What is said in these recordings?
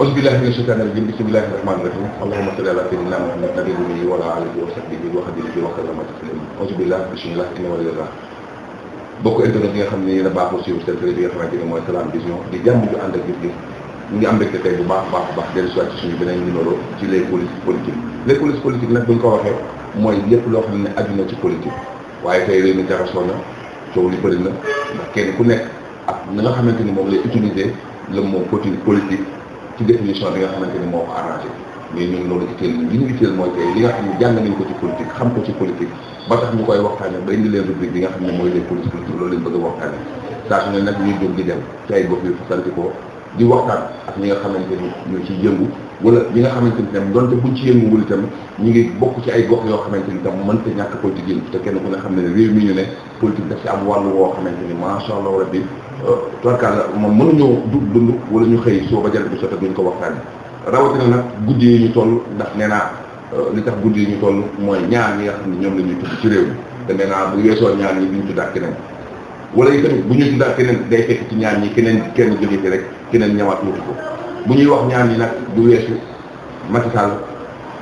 أعوذ بالله من bi الرجيم بسم الله الرحمن الرحيم اللهم صل على سيدنا محمد نبيه وعلى آله internet yi nga xam ne yéen a baaxoo suivre seen télé bi nga xamante ne mooy Salam Vision di jàmm ju ànd ak gis ngi am mbégte bu baax baax baax dellu soit ci suñu beneen numéro ci les polices politiques les nag bu ñu ko waxee mooy lépp loo xam ne àdduna ci politique waaye tey réew mi jaxasoo na coow li bëri na ndax kenn ku nekk ak na nga xamante ni moom lay utiliser le mot politique ci définition bi nga xamante ni moo ko arrangé mais ñun loolu itteel li ñu itteel mooy tey li nga xam ne jàng nañ ko ci politique xam ko ci politique ba tax ñu koy waxtaanee ba indi leen rubrique bi nga xam ne mooy les polices politiques loolu lañ bëgg a waxtaanee saa su ne nag ñuy jóg di dem ci ay bopp ko di waxtaan ak ñi nga xamante ni ñoo ciy yëngu wala ñi nga xamante ni tam donte buñ ci wul itam ñu ngi bokk ci ay gox yoo xamante ni tam mën te ñàkk politique yi te kenn ku ne xam ne réew mi ñu ne politique daf ci am wàll woo xamante ni macha allah rabbi tubarkalla moom mënuñoo dugg dund wala ñu xëy soo ba jant bi sot ak ñu ko waxtaanee rawatina nag guddi yi ñu toll ndax nee naa euh, li tax guddi yi ñu toll mooy ñaar ñi nga ñoom la ñuy tudd ci réew mi te nee naa bu weesoo ñaar ñi duñ tuddaat keneen wala itamit bu ñu tuddaat keneen day fekk ci ñaar ñi keneen kenn jóge fi rek keneen ñëwaat wutu ko bu ñuy wax ñaar ñi nag du weesu Macky Sall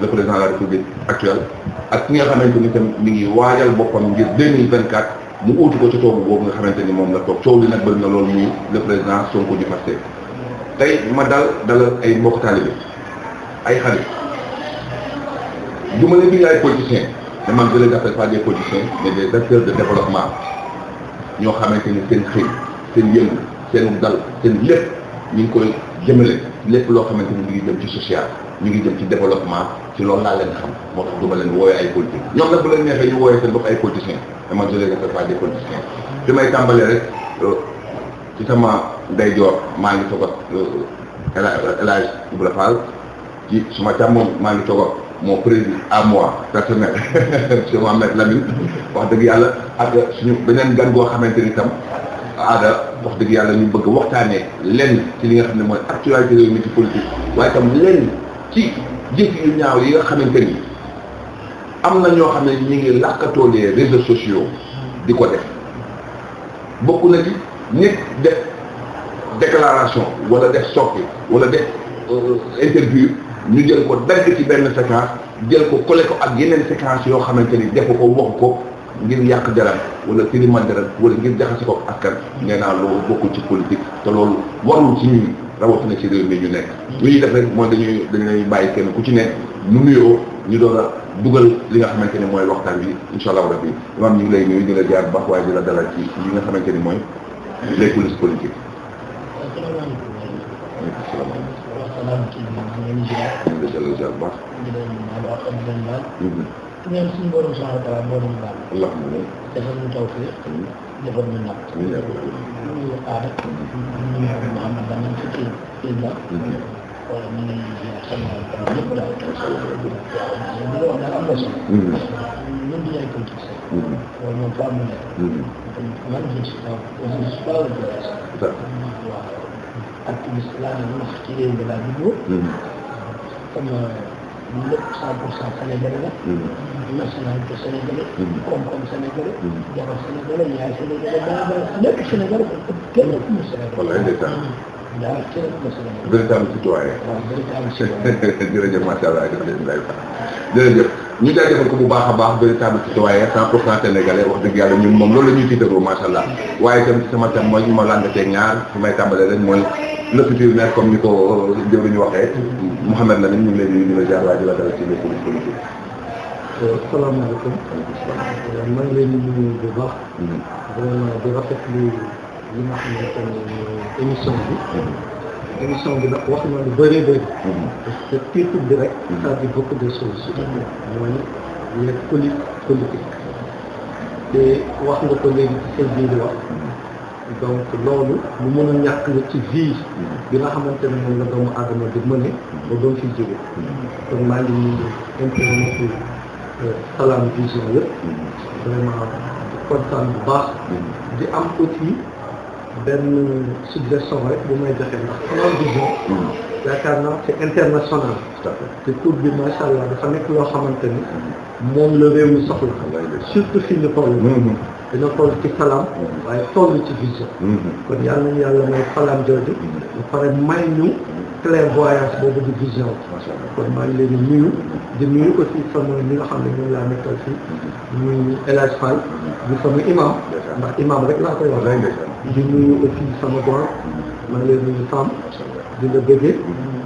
le président de la république actuelle ak ki nga xamante ni tam mi ngi waajal boppam ngir 2024. mu uutu ko ci toogu boobu nga xamante ni moom la toog coow li nag bëri na loolu muy le président Sonko di Pastef tey ma dal dalal ay mbokk taalibe ay xarit du ma leen di yaay politicien mais man je les appelle pas des politiciens mais de développement ñoo xamante ni seen xëy seen yëngu seen dal seen lépp ñu ngi koy jëmale lépp loo xamante ni mu ngi jëm ci social ñu ngi jëm ci développement ci loolu laa leen xam moo tax duma leen woowee ay politique ñoom nag bu leen neexee ñu woowee seen bopp ay politiciens mais man je les appelle pas des politiciens fi may tàmbalee rek euh, ci sama ndeyjoor maa ngi toog ak euh, El Hadj Ibrahima Fall ci suma maa ngi toog ak mon président à moi personnel monsieur Mohamed Lamine wax dëgg yàlla ak ñu beneen gan goo xamante ni tam aada wax dëgg yàlla ñu bëgg waxtaane lenn ci li nga xam ne mooy actualité réew mi waaye tam lenn. ci jëf yu ñaaw yi nga xamante ni am na ñoo xam ne ñu ngi làkkatoo les réseaux sociaux di ko def bokk na ci nit def déclaration wala def soppi wala def euh, interview ñu jël ko dagg ci benn séquence jël ko collé ko ak yeneen séquence yoo xamante ni def ko wax ko ngir yàq jaram wala tilimal jaram wala ngir jaxase ko askan nee naa loolu bokkul ci politique te loolu warul ci ñun rawatina ci réew mi ñu nekk. li ñuy def rek mooy dañuy dañuy lay bàyyi kenn ku ci nekk mu nuyoo ñu doon a dugal li nga xamante ni mooy waxtaan bi incha allahu rabi imam ñu ngi lay nuyu di jaar baax waaye di la dalal ci li nga xamante ni mooy les coulisses politiques. asalaamaaleykum. ñu ngi lay nuyu. ñu ñoom suñu borom subhanahu wa taala borom baal. alhamdulilah defal ñu tawfiq. defal ñu napp. ñu ngi aada. ñu ngi Mouhamad Ba ñu ngi fi kii ba. wala ñu ngi sama ñëpp daal. waaw loolu daal am na solo. ñun du ñu ay politiciens. wala ñoom fa am na nekk. man je ne suis pas je ne suis pas le politicien. waaw activiste laa ne wax ci réew mi laa juddoo. comme lépp cent pour cent sénégalais la. Mm-hmm. nationalité sénégalais. Mm-hmm. koom mm-hmm. citoyen. waaw véritable citoyen. jërëjëf macha allah jërëjëf ñu jaajëfal ko bu baax a baax véritable citoyen cent pour cent wax dëgg yàlla ñun moom loolu la ñuy tiitaroo macha allah waaye itam ci sama thème mooy ñu ma làndatee ñaar fi may tàmbalee rek mooy le futur nekk comme ni ko jëwriñu waxee. Mouhamed Lamine ñu ngi lay nuyu di la jaar waa ji la dara ci les polices euh, salaamaaleykum. Euh, maa ngi leen di nuyu bu baax. vraiment di rafetlu li nga xamante ne émission bi. émission bi nag wax na lu bëree bëri. parce que titre bi rek. ça dit beaucoup de choses. mooy les politiques politiques. te wax nga ko léegi ci sa biir wax. donc loolu lu mën a ñàkk la ci vie bi nga xamante ne moom la doomu aadama di mëne ba doon fiy jóge kon maa ngi nuyu internet euh, Salam Vision yëpp vraiment di bu baax di am aussi benn suggestion rek bu may joxe ndax Salam Vision yaakaar naa c'est international te tur bi macha allah dafa nekk loo xamante ni moom la réew mi soxla surtout fii ñu dina xool ci salaam mm-hmm. waaye toll ci vision mm-hmm. kon yàlla nañu yàlla may salaam jooju mm-hmm. ba pare may ñu clairvoyance boobu di vision kon maa ngi leen di nuyu di nuyu aussi sama ñi nga xam ne ñoom laa nekkal fii muy El Hadj Fall di sama imam ndax imam rek la koy wax di nuyu aussi sama goro maa ngi leen nuyu Sam di la bëggee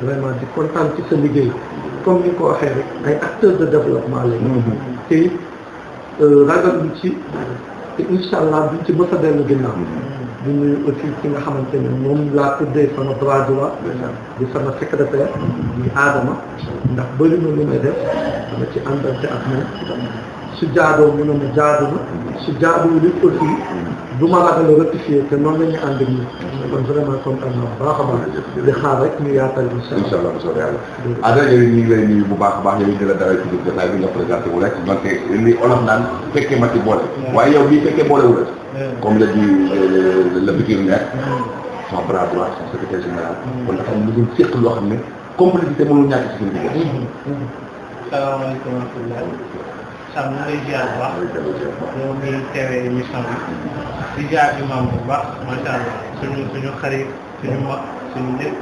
vraiment di kontaan ci sa liggéey comme ni ko waxee rek ay acteurs de développement lañu te euh, ragal bi ci te incha allah duñ ci mës a dellu ginnaaw mm-hmm. di nuyu aussi ki nga xamante ni moom laa tuddee sama droit droit di sama secrétaire di aadama ndax bëri na lu may def dama ci àndante ak moom mm-hmm. su jaadoo mu ne ma jaadu na su jaadoo li aussi du ma la gën a rectifier te noonu la ñu ànd ak ñun. kon vraiment kontaan naa bu baax a baax. di xaar rek ñu yaatal incha allah incha allah mosoo yàlla. Adja ñu ngi lay nuyu bu baax a baax yow di la dalal ci biir jotaay bi nga présenté wu rek man te li olof naan fekkee ma ci boole. waaye yow bii fekkee boole wu la. comme la di la bitim nekk. son bras droit son secrétaire général. Mm. kon dafa am lu ñu seq loo xam ne complicité mënul ñàkk ci suñu diggante. Mm. Mm. salaamaaleykum wa rahmatulah. Sam ñu ngi lay ziar bu baax ñoo ngi teewee émission bi di ziar imam bu baax macha allah suñu suñu xarit suñu mag suñu lépp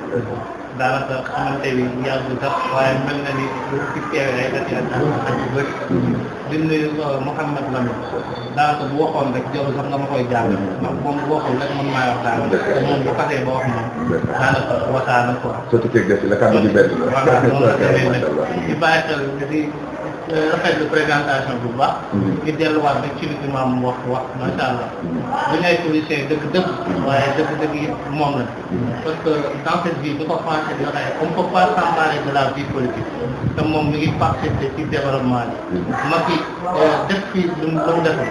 daanaka xamante ni yàggul sax waaye mel na ni lu ci teewee day def yàlla ak yu bëri. di nuyu euh, Mouhamed Lamine daanaka bu waxoon rek jaww sax nga ma koy jàng ndax moom bu waxul rek man maa yor daal te moom bu xasee ba wax moom daanaka waxtaan ak quoi. surtout kii ak gerte la kàddu gi benn la. voilà noonu la demee nag di bàyyi xel di. Euh, rafetlu présentation bu baax. Mm-hmm. di delluwaat rek ci li imam wax wax macha allah. bi ngay policier dëgg-dëgg. waaye dëgg-dëgg yi moom la. Mm-hmm. parce que dans cette vie bi ko pensé dina xëy on peut pas s'emparer de la vie politique. te moom mi ngi participer ci développement bi. Mm-hmm. def fii lu mu lu mu deful.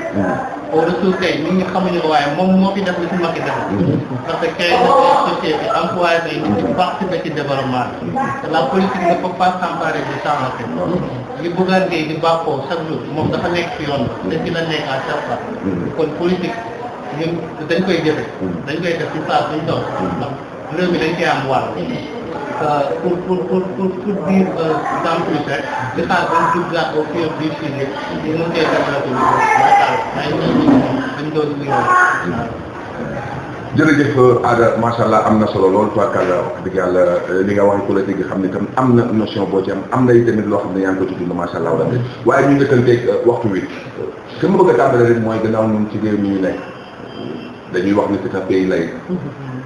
au retour tey nit waaye moom moo fi def li si mag yi defal. parce mm-hmm. que créé na société employé na ci mm-hmm. participer ci développement bi. Mm-hmm. te la politique ne peut pas s'emparer de sans la li Bougane Gueye di bàkkoo chaque jour moom dafa nekk ci yoon bi. te fi la nekk à chaque fois. kon politique ñun dañ koy jëfe dañ koy def ci saa suñ tool. réew mi dañ am di xaar ba mu dugg au du sujet ñu mën koy développé ay dañ doon jërëjëf Ada macha allah am na solo lool tubaarkàlla wax dëgg yàlla li nga wax ku la dégg xam ne tam am na notion boo am am na tamit loo xam ne yaa ngi ko ci dund macha waaye ñu njëkkanteeg euh, waxtu wi fi ma bëgg a tàmbale rek mooy gannaaw ñun ci réew mi ñu nekk dañuy wax ni c'est un pays laïque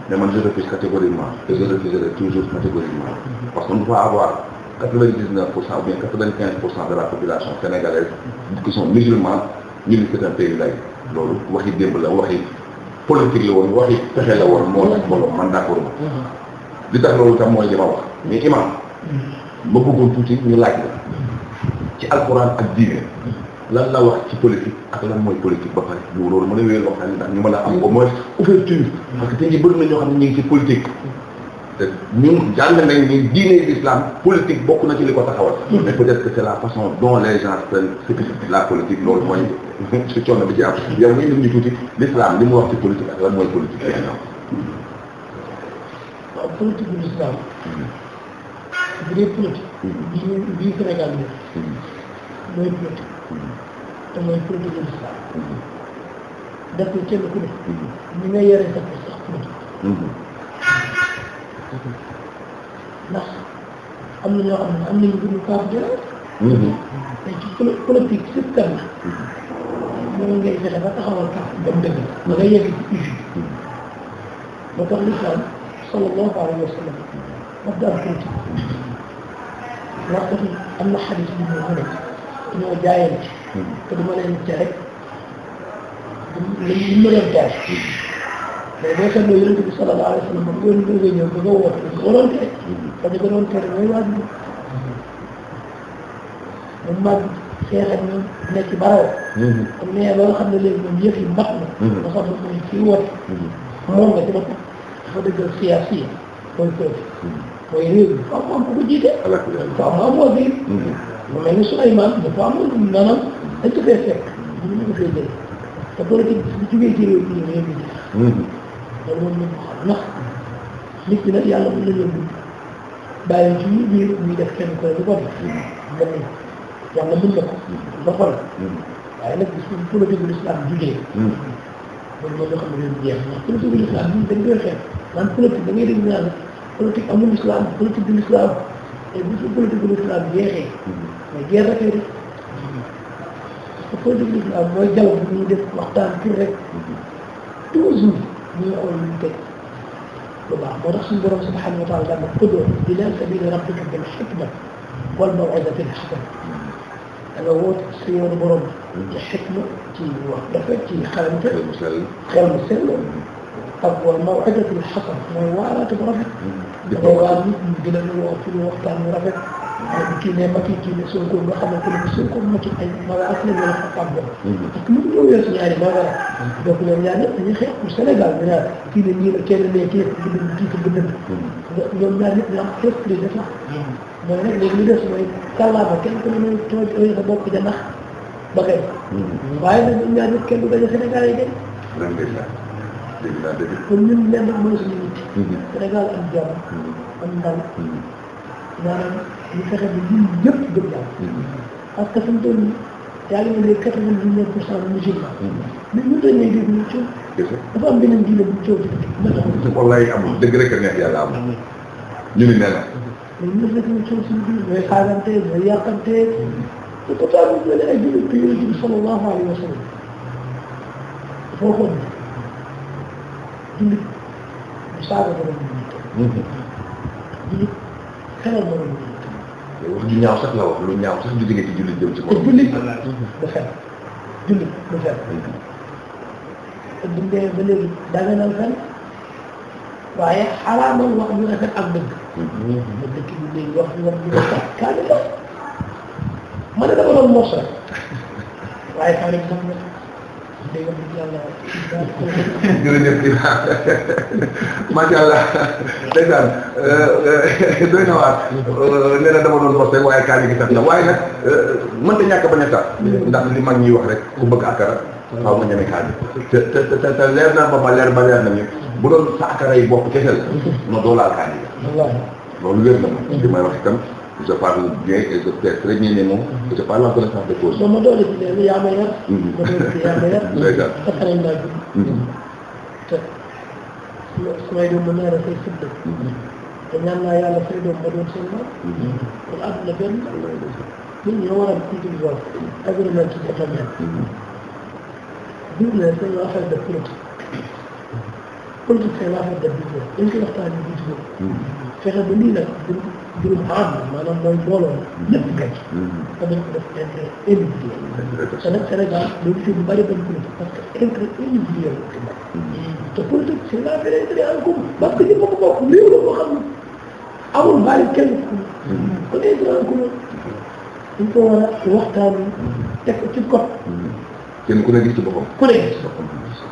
mais man je refuse catégoriquement et je refuserai toujours catégoriquement parce qu'on ne peut pas avoir quatre vingt neuf pour cent ou bien de la population sénégalaise qui sont musulmans ñu ni c'est un pays loolu waxi démb la waxi politique la woon waxi pexe la woon moo tax mbooloo man d'accord ma li tax loolu tam mooy li ma wax mais imam ma bëggoon tuuti ñu laaj la ci alxuraan ak diine lan la wax ci politique ak lan mooy politique ba pare ñu loolu mën a wéer loo xam ne ndax ñu mën a am au moins ouverture parce que tey jii bëri na ñoo xam ne ñu ngi ci politique te ñun jàng nañ ni la l'islam politique bokk na ci li ko taxawal mais peut-être que c'est la façon dont les gens prennent ce que c'est la politique loolu mooy su coono bi ci am yow ngi lim ñu tuuti l'islam li mu wax ci politique ak lan mooy politique waaw politique bu l'islam hmm. bu dee politique hmm. bii Sénégal bi hmm. mooy politique te mooy produit de l'islam def na kenn ku ne ñi nga yore sa ko sax produit ndax am na ñoo xam ne am nañu guddu kaaf jëla tey ci politique sëp kan la moom ngay fexe ba taxawal kaaf dem dëgg ba nga yegg ci usi moo tax l'islam sallallahu alayhi wa sallam daf daan politique ndax am na xarit bi ñoo xam ne ñoo jaayante te du ma leen tere li li ma leen tere mais boo seetloo yonent bi sallallahu alayhi wa sallam moom yoon bi nga ñëw da nga woote da nga waroon tere parce que da doon tere mooy waaj bi moom mag xeex ak ñoom nekk ci baraw am ne loolu xam ne léegi moom yëf yi mat na nga xam ne mooy kii woote moom nga ci boppam dafa dëggal siyaas yi mooy preuve mooy réew mi faaw mu am ku ko jiite faaw mu am woote mm-hmm. mu mel ni Souleymane dafa amul nanam dañ ko fee fekk ñu ngi ko fee jëlee te politique bi su jógee ci réew mi réew mi gis. loolu moom ñu ko xam ndax nit ki nag yàlla mën na leen bàyyi ci biir muy def kenn koy lu ko def. mën nañu yàlla mën na ko. loxo la. Hmm. waaye nag bis bu politique bu lislaam jugee. Hmm. loolu moom ñoo xam ne réew mi jeex ndax politique bu lislaam ñun dañ koy xeex naan politique da ngay dégg naan politique amul lislaam politique du lislaam te bis bu politique bu lislaam jeexee hmm. mais guerre dafay def. foo déglu si am mooy jaww bi ñuy def waxtaan fii rek toujours ñu ngi xool luñ teg lu baax moo tax suñu borom subhanahu wa taala dama ko doon ila sabili rabbika bil hikma wal maw'izatil hasana da nga woote sa yoonu borom ci xikma ci wax rafet ci xarante xel mu sell ak wal maw'izatil hasana mooy waaraate bu rafet. Mm-hmm. da nga waa nit ñi gën a waxtaan bu rafet. kii ne Macky kii ne Sonko nga xamante ne Sonko Macky ay mala ak la ñu la xam parce que mu ngi ñëwee si ñaari mala donc ñoom ñaar ñëpp dañuy xeex pour Sénégal ñu naan kii ne ñii la kenn ne kii ko bëgg kii ko bëgg ñoom ñaar ñëpp ñu am xeex plus de sax mooy nag léegi li des mooy kàllaama kenn ku ne mooy tooj ooy sa bopp ja nax ba kay waaye nag ñoom ñaar ñëpp kenn du gañ Sénégal yi de kon ñun lenn mooy suñu nit mm-hmm. Sénégal am jàmm am ndam mm-hmm. maanaam ñu fexe ba julli yëpp jëm yàlla mm-hmm. parce que fi mu toll nii yàlla na les quatre-vingt-dix-neuf pour cent musulman mm-hmm. mais ñu doon ne dégg ñu coow dafa am beneen diine bu coow ci wallaay amul dëgg rek a neex yàlla amul ñu ni nee na mais ñu def ñu coow suñu biir mooy xaarante mooy yàqante mm-hmm. te pourtant ñu doon ay jullit bi yonent bi sallallahu alayhi wa sallam dafa waxoon ne jullit bu saaga borom jullit jullit xelal borom jullit wax ju ñaaw sax la wax lu ñaaw sax ju jógee ci jullit jëm ci moom. te jullit du fen jullit du fen te buñ demee ba léegi danga nal fen waaye xaraamal wax ju rafet ak dëgg. ba dëkk bi léegi wax wax ju rafet kaani la ma ne dama doon mos rek waaye kaani bi sax jërëjëf di macha allah ndeysaan euh, euh, doy na waar euh, nee dama doon forcé waaye kaani gi tax na waaye nag mënta ñàkk bañ a tax ndax li mag ñuy wax rek ku bëgg akara xaw ma ñeme kaani te te te leer na ba ba leer na ñu bu doon sa akara yi bopp kese la no doolaal kaani ga loolu wér na ma li may wax itam je parle bien et je fais très bien les mots. je mhm. parle en connaissance de cause. non ma doole si de yaa ma yar. Mhm. ma doole si yaa ma yar. dëgg la te xale naa ji. te su may doon mën naa dafay sëdd. Mhm. te ñaan naa yàlla say doom ma doon seen maam. kon àdduna benn. ñun ñoo war a individuel. agrément ci sa famille. business dañoo affaire de politique. politique c'est l'affaire de business dañ koy waxtaanee bu fexe ba nii nag mbirum xaram maanaam mooy mbooloo lépp kay te dañ ko def intérêt individuel te nag Sénégal loolu fi bu bëri dañ ko def parce que intérêt individuel la mm-hmm. te politique c'est la vérité en commun parce que ñëpp ko bokk réew la boo xam ne amul bàyyi kenn mm-hmm. ku ne intérêt en commun dañ ko war a waxtaan mm-hmm. teg ko ci kot kenn ku ne gis ci boppam ku ne gis ci boppam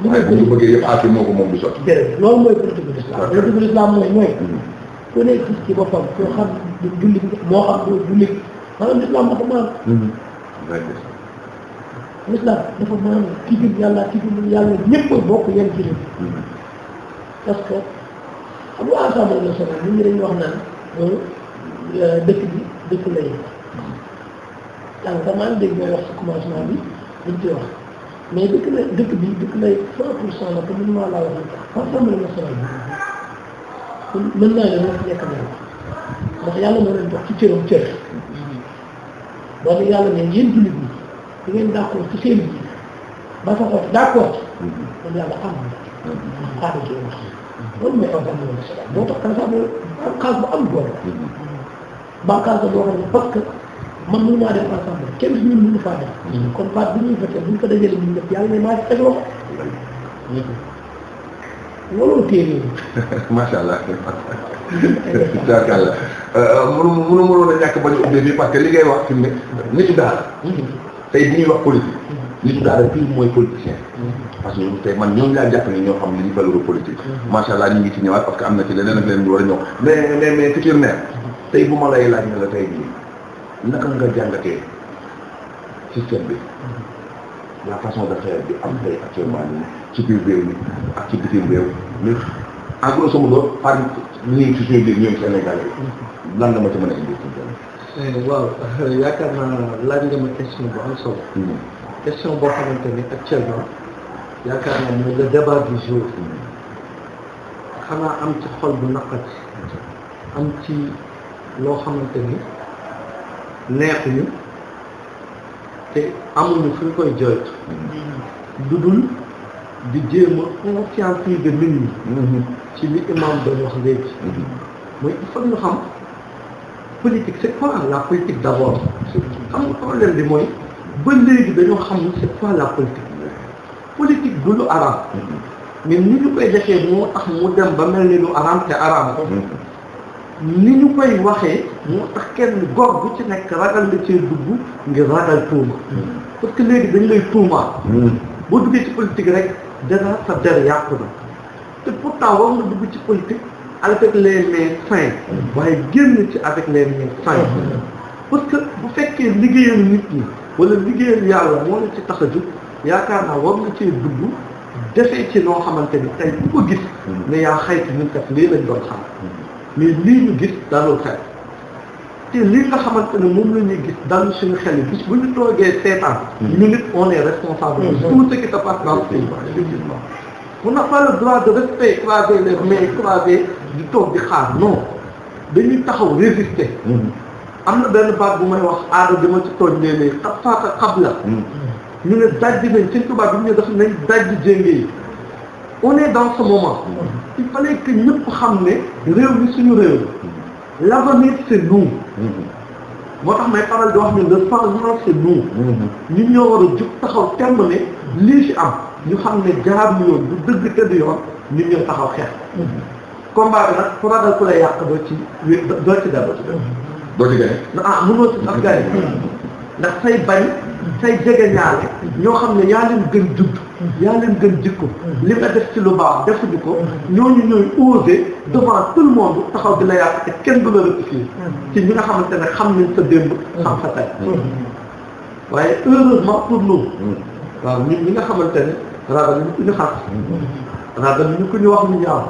waaye bu ñu bëggee yëpp aati moo ko moom du sotti loolu mooy politique de l'islam politique de l'islam mooy mooy ku ci boppam koo xam du jullit moo xam du jullit maanaam lislaam dafa maanu mhm. lislaam dafa maanu yàlla ki bokk yem ci leen nit ñi wax naan euh, euh, dëkk bi dëkk lay dégg bi dëkk lay cent pour cent la te maa laa wax assemblée nationale bi kon mën naa ne moom fi nekk nañ ndax yàlla moo leen jox ci cëram cër boo ne yàlla ne yéen jullit ñi di ngeen d'accord ci seen biir ba sa xool d'accord kon yàlla xam na xaaral ci wax moo tax kan sax xaas bu am doole bàkkaar la boo xam ne parce que man mënu maa def ensemble kenn du ñun mënu faa def kon baat bu ñuy fete bu ñu ko dajalee ñun ñëpp yàlla ne maa ci loxo loolu téere la. macha allah. d'accord mënu mënu mënoon a ñàkk bañ a ubbee bi parce que li ngay wax fi mu ne nitu daara. tey bi ñuy wax politique. nitu daara fii mooy politicien. parce que tey man ñooñu laa jàpp ni ñoo xam li ñu valeur politique. macha allah ñu ngi ci ñëwaat parce que am na ci leneen ak leneen war a ñëw mais mais mais futur maire. tey bu ma lay laaj ne la tey bii naka nga jàngatee système bi. la façon de faire bi am tey actuellement nii ci biir réew mi ak ci bitim réew lépp en grosso modo par ci suñu biir ñoom Sénégalais lan la ma ci mën a indi ci eh, waaw yaakaar naa laaj ma question bu am solo hmm. question boo xamante ni actuellement yaakaar naa mooy le débat du jour xanaa am ci xol bu naqari am ci loo xamante ni neexuñu te amuñu fu ñu koy jooytu lu dul di jéem a conscientiser nit ñi ci li imam doon wax léegi mooy il faut ñu xam politique c'est quoi la politique d'abord xam nga problème bi mooy ba léegi dañu xam c'est quoi la politique du lu araam mm-hmm. mais ni ñu koy defee moo tax mu dem ba mel ni lu araam te araam ko ni ñu koy waxee moo tax kenn góor bu ci nekk ragal la cee dugg ngir ragal tuuma parce que léegi dañu lay tuumaa boo duggee ci politique rek dana sa der yàqu na te pourtant war nga dugg ci politique avec les mains saines waaye génn ci avec les mains parce que bu fekkee liggéeyal nit ñi wala liggéeyal yàlla moo la ci tax yaakaar naa war nga cee dugg defee ci noo xamante ni tey bu ko gis ne yaa xayti ñun kat lii lañ doon xam mais lii ñu gis dalul xel te li nga xamante ne moom la ñuy gis dalul suñu xel yi bis bu ñu toogee seetaan hmm. ñu nit on est responsable de hmm. tout ce qui se passe dans ce pays effectivement on n'a pas le droit de rester croiser les di toog di xaar non dañuy taxaw résister hmm. am na benn baat bu may wax aada dama ci tooñ léeg-léeg xab faata xab la ñu ne dajji nañ seen tubaab bi ñu ne daf nañ dajji jénge yi on est dans ce moment il fallait que xam ne réew mi suñu réew la l'avenir c'est nous moo tax may faral di wax ne le changement c'est nous ñu ñoo war a taxaw temb ne lii ci am ñu xam ne jaar yoon du dëgg te du yoon ñu ñëw taxaw xeex combat bi nag ku ragal ku lay yàq doo ci doo ci dara doo ci gañ ah mënoo ci ak gañ ndax say bañ say jege ñaale ñoo xam ne yaa leen gën judd yaa leen gën jikko li nga def ci lu baax defuñu ko ñooñu ñooy osé devant tout le monde taxaw di la yàq te kenn du la rectifier ci ñi nga xamante ne xam nañ sa démb xam sa tay waaye heureusement pour nous waaw ñun ñi nga xamante ne ragal ñu ku ñu xas ragal ñu ku ñu wax ñu ñaaw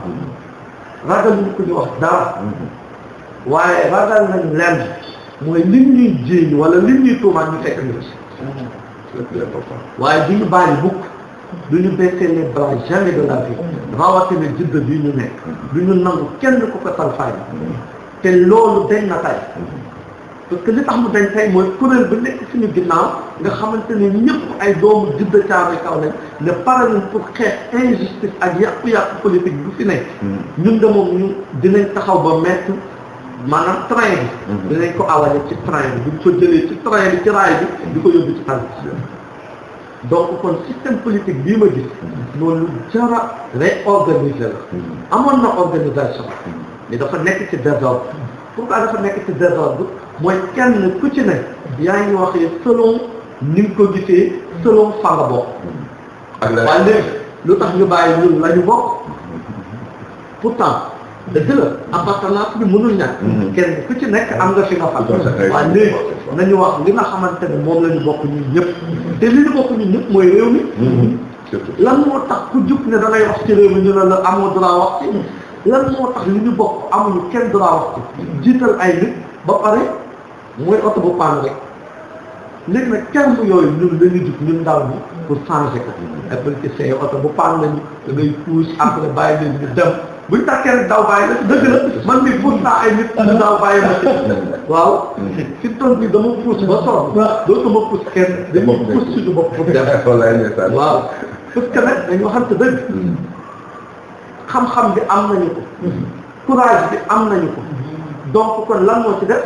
ragal ñu ku ñu wax dara waaye ragal nañ leen mooy li ñuy jiiñ wala li ñuy tuumaat ñu fekk ñu waaye du ñu bàyyi bukk du ñu baisser les bras jamais de la vie rawatina bi ñu nekk du ñu nangu kenn ku ko salfaañ te loolu dañ na tay parce que li tax mu dañ tay mooy kuréel bu nekk suñu ginnaaw nga xamante ne ñëpp ay doomu judda caare kaw nañ ne pare nañ pour xeex injustice ak yàqu-yàqu politique bu fi nekk ñun de moom ñu dinañ taxaw ba mettre maanaam train bi mm-hmm. dinañ ko awale ci train bi duñ ko jëlee ci train bi ci raay bi di ko yóbbu ci tànk donc kon système politique bii ma gis loolu jara réorganiser la hmm. amoon na organisation mais dafa nekk ci désordre pourquoi dafa nekk ci désordre mooy kenn ku ci ne yaa ngi waxee selon ni nga ko gisee selon fa nga bokk lu tax ñu bàyyi ñun la bokk hmm. pourtant dëgg la appartenance bi mënul ñàkk. Mhm. kenn ku ci nekk am nga fi nga fal. waaw léegi nañu wax li nga xamante ne moom la bokk ñu ñëpp. te li bokk ñun ñëpp mooy réew mi. Mhm. lan moo tax ku jub ne da ngay wax ci ñu ne amoo droit wax lan moo tax li ñu bokk amuñu kenn droit wax ci. jiital ay nit ba pare mooy oto bu paan rek. léegi nag terme yooyu ñun la ñu jub ñun ndaw ñi pour changer ko. Mhm. ay politiciens oto bu paan lañu da ngay pousse après bàyyi leen ñu dem. buñ ñu tàkkee daw bàyyi la dëgg la man mii fuus naa ay nit ñu daw bàyyi ma waaw si tool bi dama fuus ba sonn dootuma fuus kenn dañuy fuus suñu bopp pour dem waaw parce que nag dañu waxante dëgg hmm. xam-xam bi am nañu ko hmm. courage bi am nañu ko hmm. donc kon lan moo ci def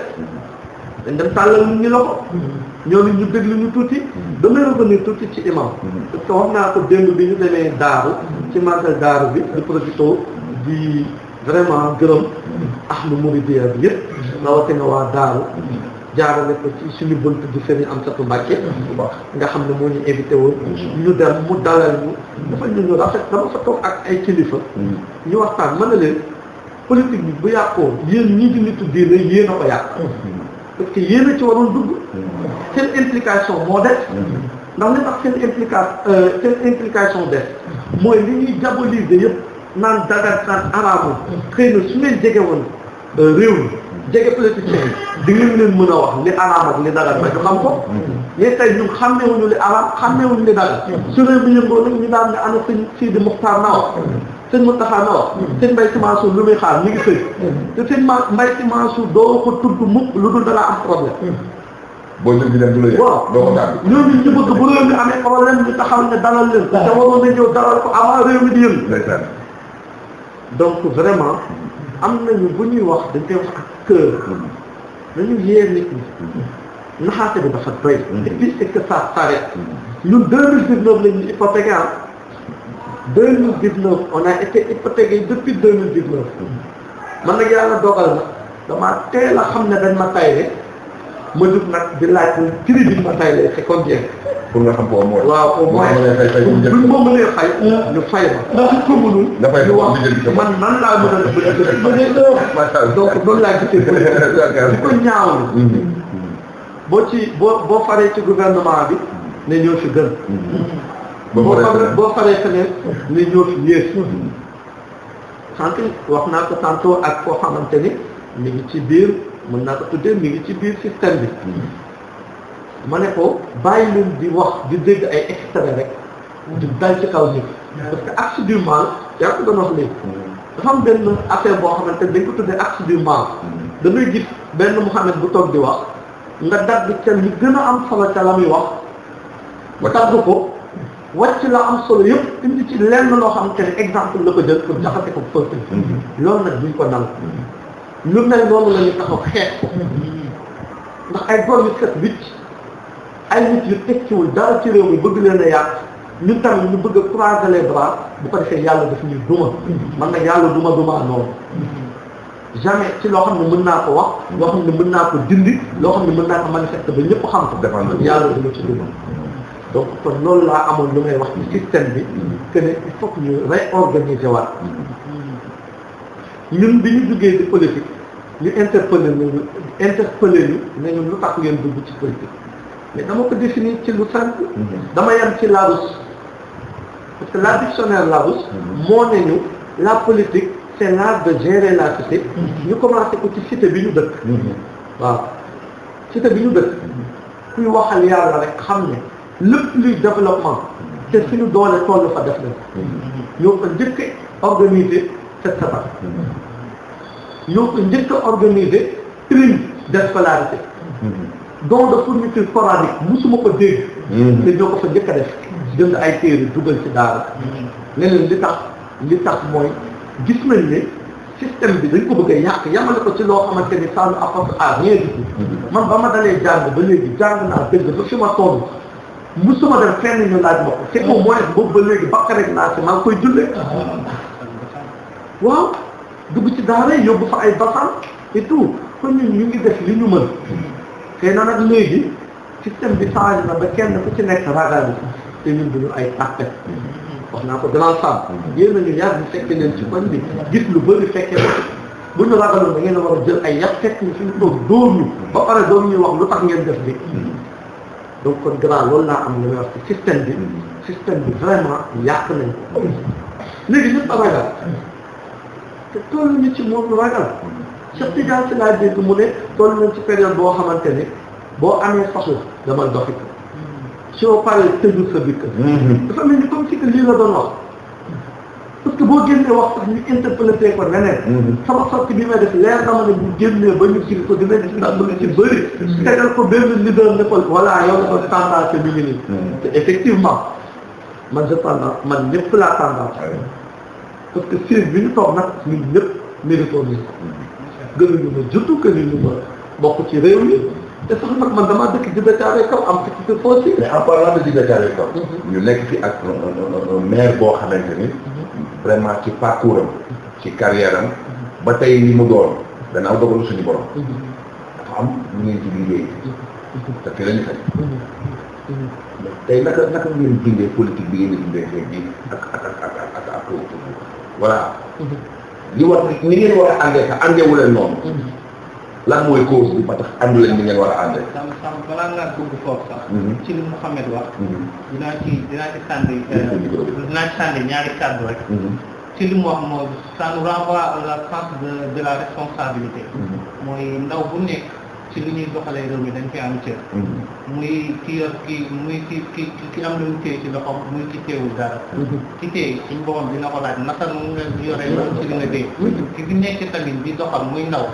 dañ dem tàllal ñu loxo ñoom ñu lu ñu tuuti damay revenir tuuti ci imam parce que naa ko démb bi ñu demee daaru ci màggal daaru bi di profité bi vraiment gërëm ahlu muridiya bi yëpp rawatina waa daaru jaarale ko ci suñu bunt di Serigne Amsatou Mbacké nga xam ne moo ñu invité woon ñu dem mu dalal ñu dafa ñu ñu rafet dama fa toog ak ay kilifa ñu waxtaan mën na leen politique bi bu yàqoo yéen ñii di nitu diine yéen a ko yàq parce que ci waroon dugg seen implication moo des ndax li tax seen implication euh, seen implication des mooy li ñuy diaboliser yëpp naan dagan naan araamul xëy na woon euh, réew mi jege politique leen mu a wax li araam ak li dagan ba ñu xam ko mais tey ñun xàmmeewuñu li araam xàmmeewuñu li dagan su leen bi yëngoo nag ñu daan ne ana sëñ Sidi Muxtaar na wax sëñ Moustapha na wax sëñ Mbaye Sy Mansour lu muy xaar ñu ngi sëy te sëñ Mbaye Sy Mansour doo ko tudd mukk lu dul dana am problème boo jël di leen du la yëg waaw doo ko daal ñooñu ñu bëgg bu réew mi amee problème ñu taxaw ne dalal leen ah. te waroon na ñëw dalal ko avant réew donc vraiment am na ñu bu ñuy wax dañ koy wax ak cœur nañu yee nit ñi naxaate bi dafa doy et puis c'est que la ñu hypothéqué ah deux mille dix-neuf on a été hypothéqué depuis deux mille dix man nag yàlla dogal na damaa teel a xam ne dañ ma tay ma dugg nag di laaj moom prix bi ma fay lay c'est combien. pour nga xam ko au moins. waaw au moins buñ ma mënee fay ñu fay ma. ndax ko mënul. dafay man man laa mën a def. donc noonu laa gisee bu ko ñaawlu. Mm-hmm. Mm-hmm. boo ci boo boo faree ci gouvernement bi mm-hmm. ne ñoo gën. boo faree boo faree feneen ne ñoo fi yées. sànq wax naa ko tantôt ak koo xamante ni mi ngi ci biir. mën naa ko tuddee mi ngi ci biir système bi ma ne ko bàyyi leen di wax di dégg ay extrait rek di dal ci kaw nit parce que axe du mal yaa ko doon wax léegi dafa am benn affaire boo xamante ne dañ ko tuddee axe du mal dañuy gis benn Mouhamed bu toog di wax nga dagg ca li gën a am solo ca la muy wax ba tagg ko wàcc la am solo yëpp indi ci lenn loo xamante ne exemple la ko jël pour jaxase ko fëlti mm-hmm. loolu nag duñ ko nal mm-hmm. lu mel noonu la ñu taxaw xeex ay góor yu set wicc ay nit ci réew mi bëgg leen a yàq ñu tam ñu bëgg a croiser les bras bu ko defee yàlla daf ñu duma man nag yàlla duma duma noonu jamais ci loo xam ne mën naa ko wax loo xam ne mën naa ko dindi loo xam ne mën naa ko manifester ba ñëpp xam ko yàlla duma ci duma donc kon loolu laa amoon lu may wax ci système bi que ne il faut que ñu réorganiser waat bi ñu duggee di politique li interpellé nañu interpellé ñu lu tax ngeen dugg ci politique mais dama ko définir ci lu simple mhm. dama yem ci Larousse parce la dictionnaire Larousse mhm. moo ne ñu la politique c'est de gérer la cité mhm. ñu commencé ko ci cité bi ñu dëkk waaw cité bi ñu dëkk kuy waxal yàlla rek xam ne lépp luy développement te suñu doole toll fa def na ñoo fa njëkk organiser cette ñoo ko njëkk a organiser prime de scolarité mm-hmm. don de fourniture coranique musuma ko dégg mm-hmm. te ñoo ko fa njëkk a def jënd ay téere dugal ci daara mm-hmm. leneen li tax li tax mooy gis nañ ne système bi dañ ko bëgg a yàq yamale ko ci loo xamante ni ça ne apporte a rien du tout man ba ma dalee jàng ba léegi jàng naa dëgg ba fi ma toll musuma dem fenn ñu laaj ma ko c'est au moins boobu ba léegi bakk rek naa si maa koy jullee waaw dugg ci daara yóbbu fa ay basal et tout kon ñun ñu ngi def li ñu mën xëy na nag léegi système bi changé na ba kenn ku ci nekk ragal te ñun duñu ay tàppe wax naa ko grand femme yéen nañu yar ñu fekke leen ci koñ bi gis lu bëri fekke bu ñu ragaloon da ngeen war a jël ay yar fekk ñu suñu toog dóor ñu ba pare doon ñu wax lu tax ngeen def bi donc kon grand loolu laa am lu may wax ci système bi système bi vraiment yàq nañ ko léegi ñëpp a ragal te toll ñu ci moom lu ragal mm-hmm. Cheikh Tidiane si laa dégg mu ne toll nañ ci période boo xamante ne boo amee fasu dama doxi ko mm-hmm. soo paree tëjul sa biir kër mm-hmm. dafa mel ni comme si que lii la doon wax parce que boo génnee wax sax ñu interpellé ko neneen sama sotti bi may def leer na ma ne bu génnee ba ñu gis ko dina gis ndax lu ci bëri tegal ko benn leader ne ko voilà yow dafa tendance mi ngi te effectivement man je tendance man ñëpp laa tendance ah parce que siège bi ñu toog nag ñun ñëpp mérito ñu gënuñu ma juddu gënuñu ma bokk ci réew mi te sax nag man damaa dëkk Dibétale kaw am ci ci foncier. mais en parlant de Dibétale kaw. ñu nekk fi ak maire boo xamante ni. vraiment ci parcours am. ci carrière am. ba tey li mu doon danaaw dogalu suñu borom. dafa am ñu ngeen ci liggéey. te fi lañu fay. tey naka naka ngeen dindee politique bi ngeen di dindee léegi ak ak ak ak ak voilà mhm. li war ni ngeen war a àndee sax àndee wu leen noonu mhm. lan mooy cause bi ba tax àndu leen ni ngeen war a àndee sam sam balaa mu wax moom ça nous renvoie à la sens de mhm. mooy ndaw bu ci li ñuy doxalee réew mi dañ ci am cër mm-hmm. muy ki yor ki muy ki ki am lu mu téye ci loxoom muy ki téewul dara mm-hmm. ki téye suñu boppam dina ko laaj naka mu nga yoree loolu ci li nga téye mm-hmm. ki fi muy ndaw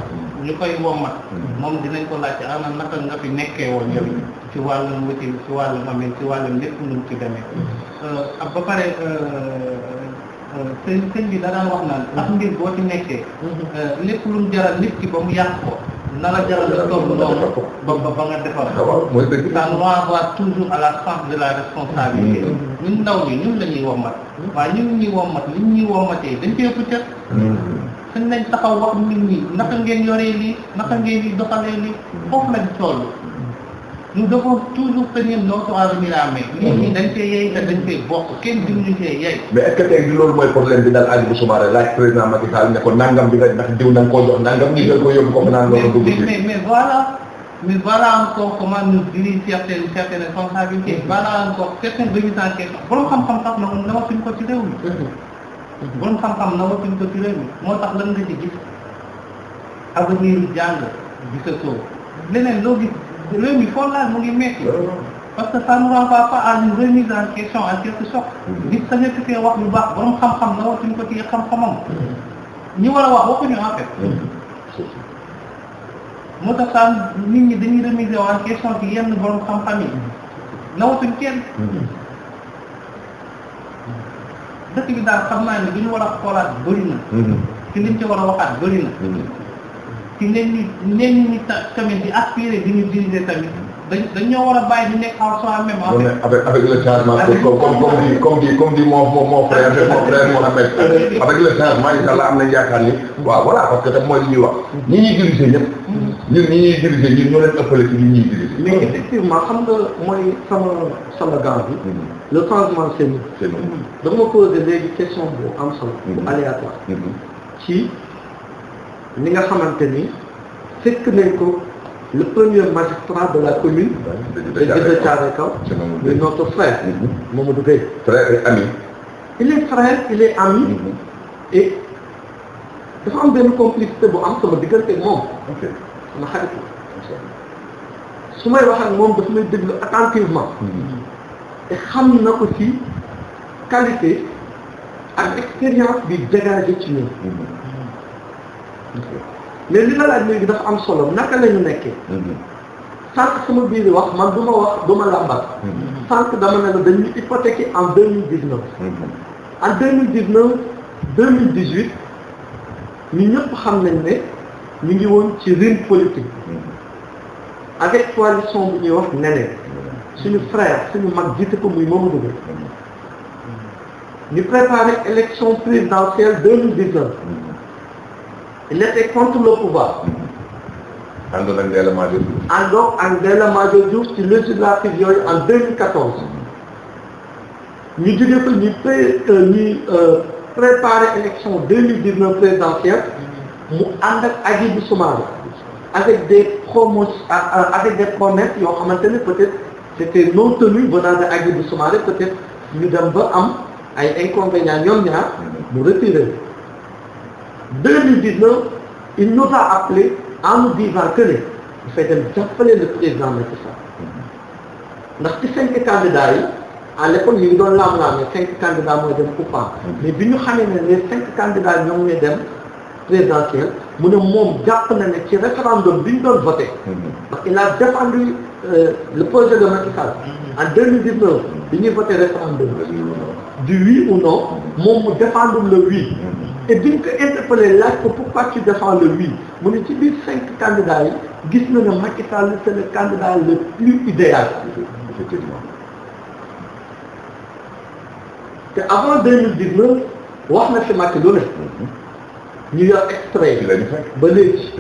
ñu koy wommat moom dinañ ko laaj ana naka nga fi nekkee woon yow ci wàllum wuti ci wàllum amin ci wàllum lépp nu mu ki demee euh, ah, ba pare euh, euh, sëñ sëñ bi da wax naan ak mbir boo ci nekkee lépp lu mu jaral nit ki ba mu yàq ko na la jaral nga toog noonu ba ba nga defar. Ah, waaw mooy dëgg ça nous renvoie toujours à la sens de la responsabilité. Mm. ñun ndaw ñi ñun la ñuy wommat. waaye ñun ñuy wommat li ñuy wommatee dañ cee ëpp cër. suñ lañ taxaw wax nit ñi naka ngeen yoree lii naka ngeen di doxalee lii foofu lañ toll. nous devons toujours tenir notre avenir en main. nit ñi dañ cee yey te dañ cee bokk kenn duñ ñu cee yey. mais est-ce que tey loolu mooy problème bi daal Hadjibou Soumaré laaj président Macky Sall ne ko nangam bi nga na nga nangam ñu jël ko yóbbu ko fa naan loolu dugg ci. mais mais voilà mais voilà encore comment nous dirige certaines certaines responsabilités. voilà encore certaines remises en na ko nawatuñ ko ci réew mi. borom xam-xam nawatuñ moo tax lan nga ci gis avenir jàng gisatoo leneen loo gis. réew mi follaal mu ngi metti parce que ça ne renvoie pas à une remise en question en quelque sorte. Mm-hmm. sa nekk fee wax lu baax borom xam-xam la wax suñ ko téye xam-xamam. Mm-hmm. ñi war a wax waxuñu en fait. Mm-hmm. moo tax sax nit ñi dañuy remise en question ci yenn borom xam-xam yi. nawatuñ kenn. dëkk bi daal xam naa ne bi ñu war a xoolaat bëri na. te liñ ci war a waxaat ci nen ñu nen ñu tamit di aspirer di ñu diriger tamit dañ dañ ñoo war a bàyyi di nekk en soi-même. on ah. est avec avec le changement. avec comme comme comme di comme di mon mon mon frère mon frère Mohamed. avec le changement incha allah am nañ yaakaar ni. waaw voilà parce que tam mooy li ñuy wax. ñi ñuy diriger ñëpp. ñun ñi ñuy diriger ñun ñoo leen ëppale ci ñi ñuy diriger. mais effectivement xam nga mooy sama sama gant bi. le changement c'est nous. c'est nous dama posé léegi question bu am solo. bu mm-hmm. aléatoire. Mm-hmm. ci. li nga xamante ni fekk nañ ko le premier magistrat de la commune. de Gueule Thiaroye Kao de notre frère. Mm-hmm. Mamadou Gueye. frère et ami. il est frère il est ami. Mm-hmm. et dafa am benn complicité bu am sama diggante moom. ok sama xarit su may wax ak moom dafa may déglu attentivement. Mm-hmm. te xam na ko ci qualité ak expérience bi dégagé ci ñun. mais li nga laaj léegi dafa am solo naka la ñu nekkee. Mm-hmm. sànq sama biir wax man du ma wax du ma làmbat. Mm-hmm. sànq dama ne la dañuy hypothéquer en deux mille dix neuf. Mm-hmm. en deux mille dix neuf deux mille dix ñu ñëpp xam nañ ne ñu ngi woon ci rime politique. avec coalition bu ñuy wax neneen. suñu frère suñu mag jiite ko muy Mamadou Ba. ñu préparé élection présidentielle deux mille il était contre le pouvoir. àndoon ak Ndella Madior Diouf. àndoon ak Ndella Madior Diouf ci législative yooyu en 2014 ñu jógee fa ñu pré euh, ñu euh, préparer élection 2019 présidentielle mu ànd ak Hadjibou Soumaré avec des promos euh, avec des promesses yoo xamante ne peut-être c'était non tenu venant de Hadjibou Soumaré peut-être ñu dem ba am ay inconvénients ñoom ñaar mu retiré. 2019 il nous a appelé en nous disant que ne dafay dem jàppale le président Macky Sall ndax ci cinq candidats yi à l'époque ñu ngi doon laam-laamee cinq candidats mooy dem Coupa mais bi ñu xamee ne les cinq candidats ñoom ñooy dem présidentiel mu ne moom jàpp na ne ci référendum bi ñu doon voté parce qu'il a défendu euh, le projet de a Sall en 2019 bi ñuy voté référendum du oui ou non moom mu défendre le oui te biñ ko interpellé laaj ko pourquoi tu défends le oui mu ne ci biir cinq candidats yi gis na ne Macky Sall c'est le candidat le plus idéal effectivement te avant deux mille dix neuf wax na fi Macky lu ne mhm. ñu yor extrait ba léegi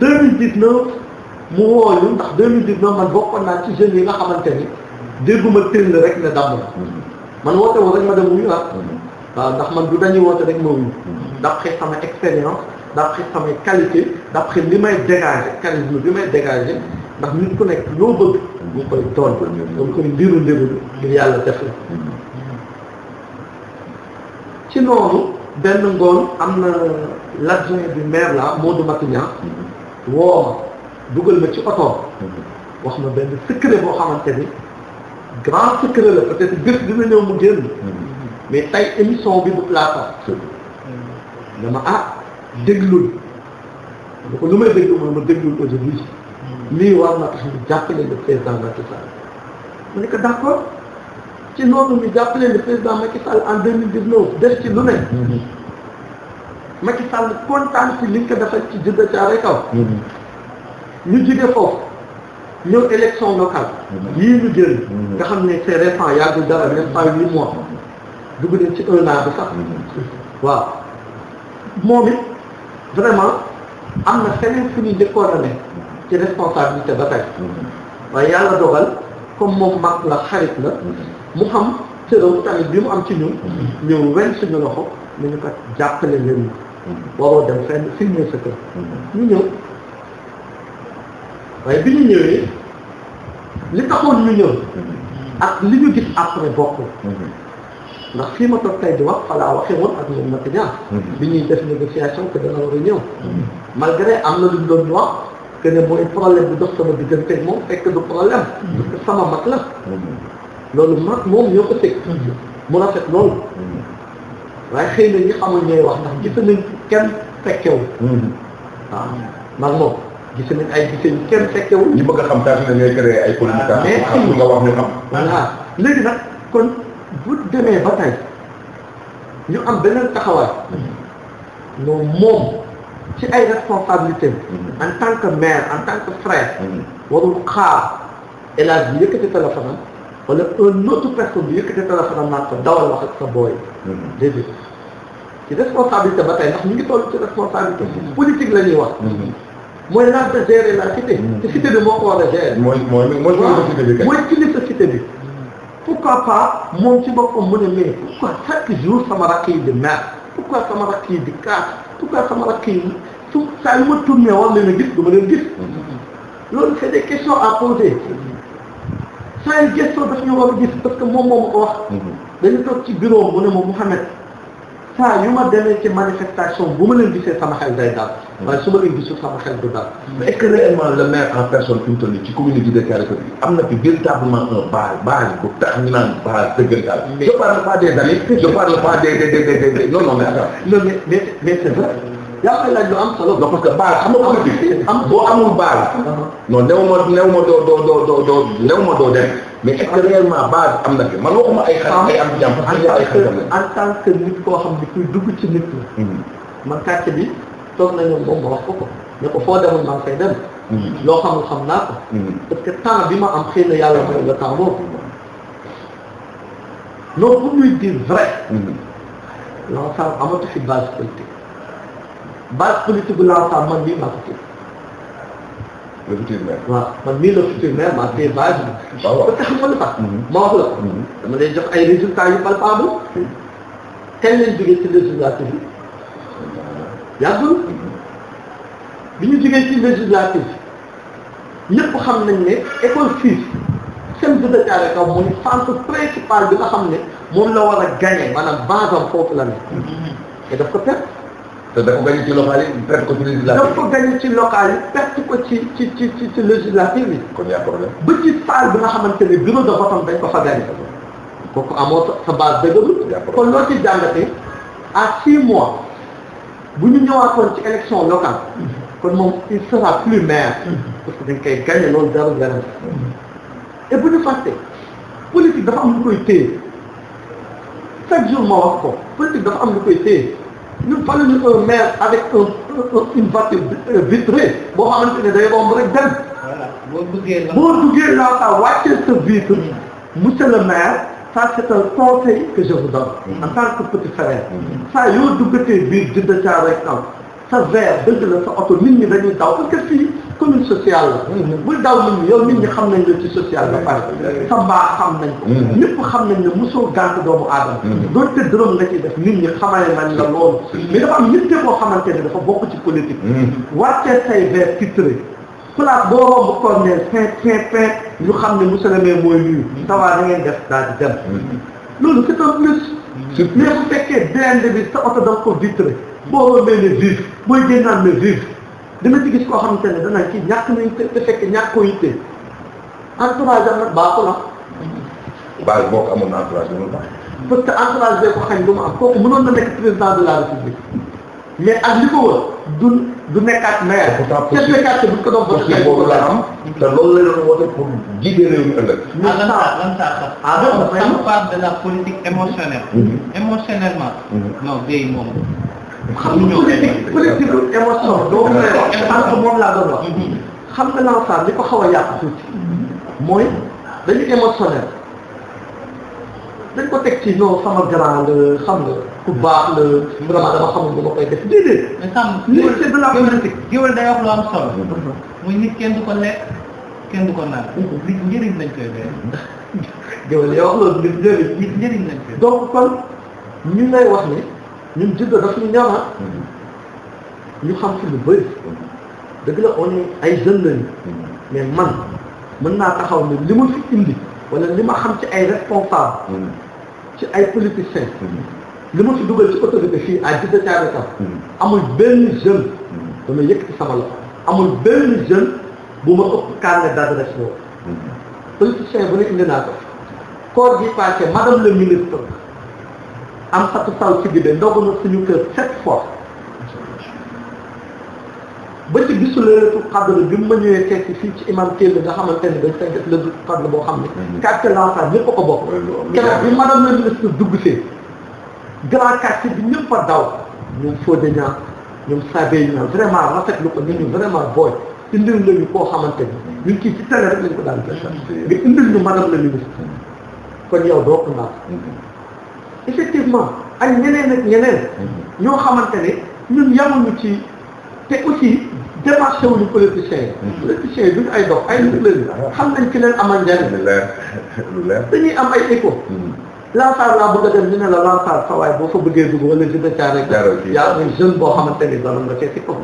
deux mille dix neuf mu wooñu ndax deux mille dix neuf man bokkoon naa ci jeunes yi nga xamante ni dégguma ma rek la damm na mhm. man woote woon rek ma dem wuyu waaw ndax man du dañuy woote rek moom d'après sama expérience d'après samay qualité d'après li may dégager charisme bi may dégager ndax nit ku nekk loo bëgg ñu koy tool dañ koy ndiru ndiru ngir yàlla def la ci noonu benn ngoon am na l'adjoint du maire la Modou Matignan woo dugal ma ci oto wax ma benn secret boo xamante ni grand secret la peut-être gës dina ñëw mu génn mais tay émission bi du plateau. dama ah déglul lu ko lu may déglu mooy ma déglul aujourd'hui lii war na tax ñu jàppale le président Macky Sall ma ne ko d'accord ci noonu ñu jàppale le président Macky Sall en deux mille dix-neuf def ci lu ne Macky Sall ci liñ ko defal ci jënd caare kaw ñu jige foofu ñëw élection locale yii ñu jël nga xam ne c'est récent yàggul dara même pas mois dugg nañ ci un an sax waaw moom it vraiment am na feneen fu ñu njëkkoon a ne ci responsabilité ba tey waaye yàlla dogal comme moom mag la xarit la mu xam tëraw tamit bi mu am ci ñu ñëw wen suñu loxo ni ñu ko leen waroo dem fenn filmer sa kër ñu ñëw waaye bi ñu ñëwee li taxoon ñu ñëw ak li ñu gis après bokkul ndax fii ma toog tey di wax falaa waxe woon ak ñoom Mati mm-hmm. bi ñuy def négociation que war a ñëw mm-hmm. malgré am na lu ñu doon wax que ne mooy problème bi dox sama diggante moom fekk du problème mm-hmm. parce que sama mag la loolu mag moom ñoo ko teg mu rafet loolu waaye xëy na ñi xamul ñooy wax ndax gis nañ kenn fekkewu waaw ah, mag moom gis nañ ay gis nañ kenn fekkewu ñi bëgg a xam tax na ngay créer ay communication ah, mais nga wax ñu xam voilà léegi nag kon bu demee ba tey ñu am beneen taxawaay non mm-hmm. moom ci ay responsabilités mm-hmm. en tant que mère en tant que frère mm-hmm. warul xaar élage bi yëkkati téléphone am wala un autre personne bi yëkkati téléphone am naan ko dawal wax ak sa booy déedéet ci responsabilité ba tey ndax ñu ngi toll ci responsabilité politique la ñuy wax mooy laaj de gérer la cité te cité bi moo ko war mooy mooy mooy kilifa cité bi pourquoi pas moom ci boppam mu ne mais pourquoi chaque jour sama rakk yi di mer pourquoi sama rakk yi di kaas pourquoi sama rakk yi su saa yu ma tourné war leen a gis du ma leen gis loolu c'est des questions à poser saa yu gëstoo daf ñu war a gis parce que moom moo ma ko wax mm-hmm. dañu toog ci bureau mu ne ma Mouhamed saa yu ma demee ci manifestation bu ma leen gisee sama xel day daal. ma leen gisul sama xel du daal. mais est-ce que réellement le maire en personne fi mu toll nii ci na fi véritablement un base base bu tax ñu naan base am solo. non parce que base xam nga am boo amul base. non néew ma néew ma doo doo doo ma doo dem. mais est-ce que réellement base am na fi man waxuma ay xarit ay am jàmm parce que ay xarit en tant que nit koo xam ne kuy dugg ci nit la mhm. man quartier bi toog nañu moom ma wax ko ko ne ko foo demul maa ngi fay dem mhm. loo xamul xam naa ko mhm. parce que temps bi ma am xëy na yàlla may la temps boobu non pour lui dire vrai l'ensemble amatu fi base politique base politique bu l'ensemble man lii maa ko le futur maire. waaw man mii le futur maire maa téye base bi. ma wax la ay résultats yu palpable. kañ leen jógee ci législative bi. yàggul bi ñu jógee ci législative bi ñëpp xam nañ ne école fii seen dëkk Thiaroye Kaw mooy centre principal bi nga xam ne moom la war a gagner maanaam base am foofu la nekk. te te dafa gagné ci local yi perte ko ci législative dafa gagné ci local yi perte ko ci ci ci ci ci législative yi. kon yaa problème. ba ci salle bi nga xamante ne bureau de vote dañ ko fa gagné. kooku amoo sa base dëgg la. kon loo ci jàngatee à six mois bu ñu ñëwaatoon ci élection locale. kon moom il sera plus maire. parce que dañ koy gagné loolu dara gànnaaw. et bu ñu fàtte politique dafa am lu koy téye chaque jour ma wax ko politique dafa am lu koy téye. ñun faluñu un maire avec un une voiture euh, vitrée boo xamante ne day romb rek dem. voilà boo duggee la boo duggee la ta wàccee sa vitre mu mm. le maire. ça c'est un conseil que je vous donne mm. en tant que petit frère mm. biir jënd caa rek am sa verre dëgg la sa oto nit ñi dañuy daw parce que commune sociale la. Mm-hmm. bul daw nit ñi yow nit ñi xam nañ la sociale ba pare. Mm-hmm. sa mbaa xam nañ ko. Mm-hmm. ñëpp xam nañ ne mosoo gànk doomu aadama. doon te dërëm nga ciy def nit ñi xamale nañ la loolu. mais dafa am yitte boo xamante ne dafa bokk ci politique. wàccee say vers titré. place boo romb koon ne fin fin fin xam ne monsieur le maire mooy nuyu. ça va da ngeen def daal di dem. loolu c'est un plus. surtout mais bu fekkee blende bi sa oto daf ko vitré. boo rombee ne vive booy génnaan ne vive. dina ci gis koo xamante ne dana ci ñàkk nañ te fekk ñàkk koo yitte entourage am nag baaxul ah. baax boo ko amoon entourage bi mu baax. parce que entourage bee ko xañ du mu am kooku mënoon na nekk président de la république mais ak li ko wër du du nekkaat maire. pourtant pour si bu ko doon voté. tey boobu la am mm-hmm. te loolu la doon woote pour guider réew mi ëllëg. ah lan saa lan saa sax. ah donc ça part de la politique émotionnelle. Mm-hmm. émotionnellement. Mm-hmm. non béy moom. xam nga ñoo nekk collectif émotion doo mën a wax moom laa doon wax xam nga l'ensemble li ko xaw a yàq tuuti mooy dañu émotionnel ko teg ci non sama grand la xam nga ku baax la vraiment dama xamul lu ma koy def déedéet. mais sàmm lii c'est de la politique géwél day wax lu am solo. Mhm. muy kenn du ko lekk kenn du ko naan. Mhm. nit njëriñ lañ koy dee. géwél day wax loolu nit njëriñ. nit njëriñ kon ñu ngay wax ni. ñun jidda daf ñu ñaama ah. mm-hmm. ñu xam ci lu bëri mm-hmm. dëgg la ay jeunes lañu mm-hmm. mais man mën naa taxaw ne li ma fi indi wala li ma xam ci ay responsable ci ay politiciens li ma fi dugal ci autorité fii à Djiddah Thiaroye Kao amul benn jeune dama yëkkati sama loxo amul benn jeune bu ma ëpp carnet d'adresse boobu politicien bu ne indi naa ko koor gi passé madame le ministre am fatu sal si gidde ndogu na suñu kër sept fois ba ci bisu lëletu xadre bi mu ma ñëwee tekki fii ci imam Kébé nga xamante ne dañ fay def lëletu xadre boo xam ne mm-hmm. quartier Lansar ñëpp a ko bokk mm-hmm. keroog bi madame la ministre dugg see grand quartier ñu ñëpp a daw ñoom Fodé Niang ñoom Sabé Niang vraiment ko ñu ñu vraiment booy indil la ñu koo xamante ni ñun kii ci télé rek lañ ko daan gis mm-hmm. nga indil ñu madame la ministre kon yow doo ko naan effectivement ak ñeneen ak ñeneen mhm. ñoo xamante ne ñun yamuñu ci te aussi démarché wuñu politiciens yi mhm. politiciens yi duñu ay dox ay nit lañu ah. xam nañ ki leen amal njëriñ lu leer dañuy am ay écho mhm. Lansar laa bëgg a dem ñu ne la Lansar sa waay boo fa bëggee dugg wala Jidda Thiaroye rek yaa am jeune boo xamante ni doon nga cee si kaw.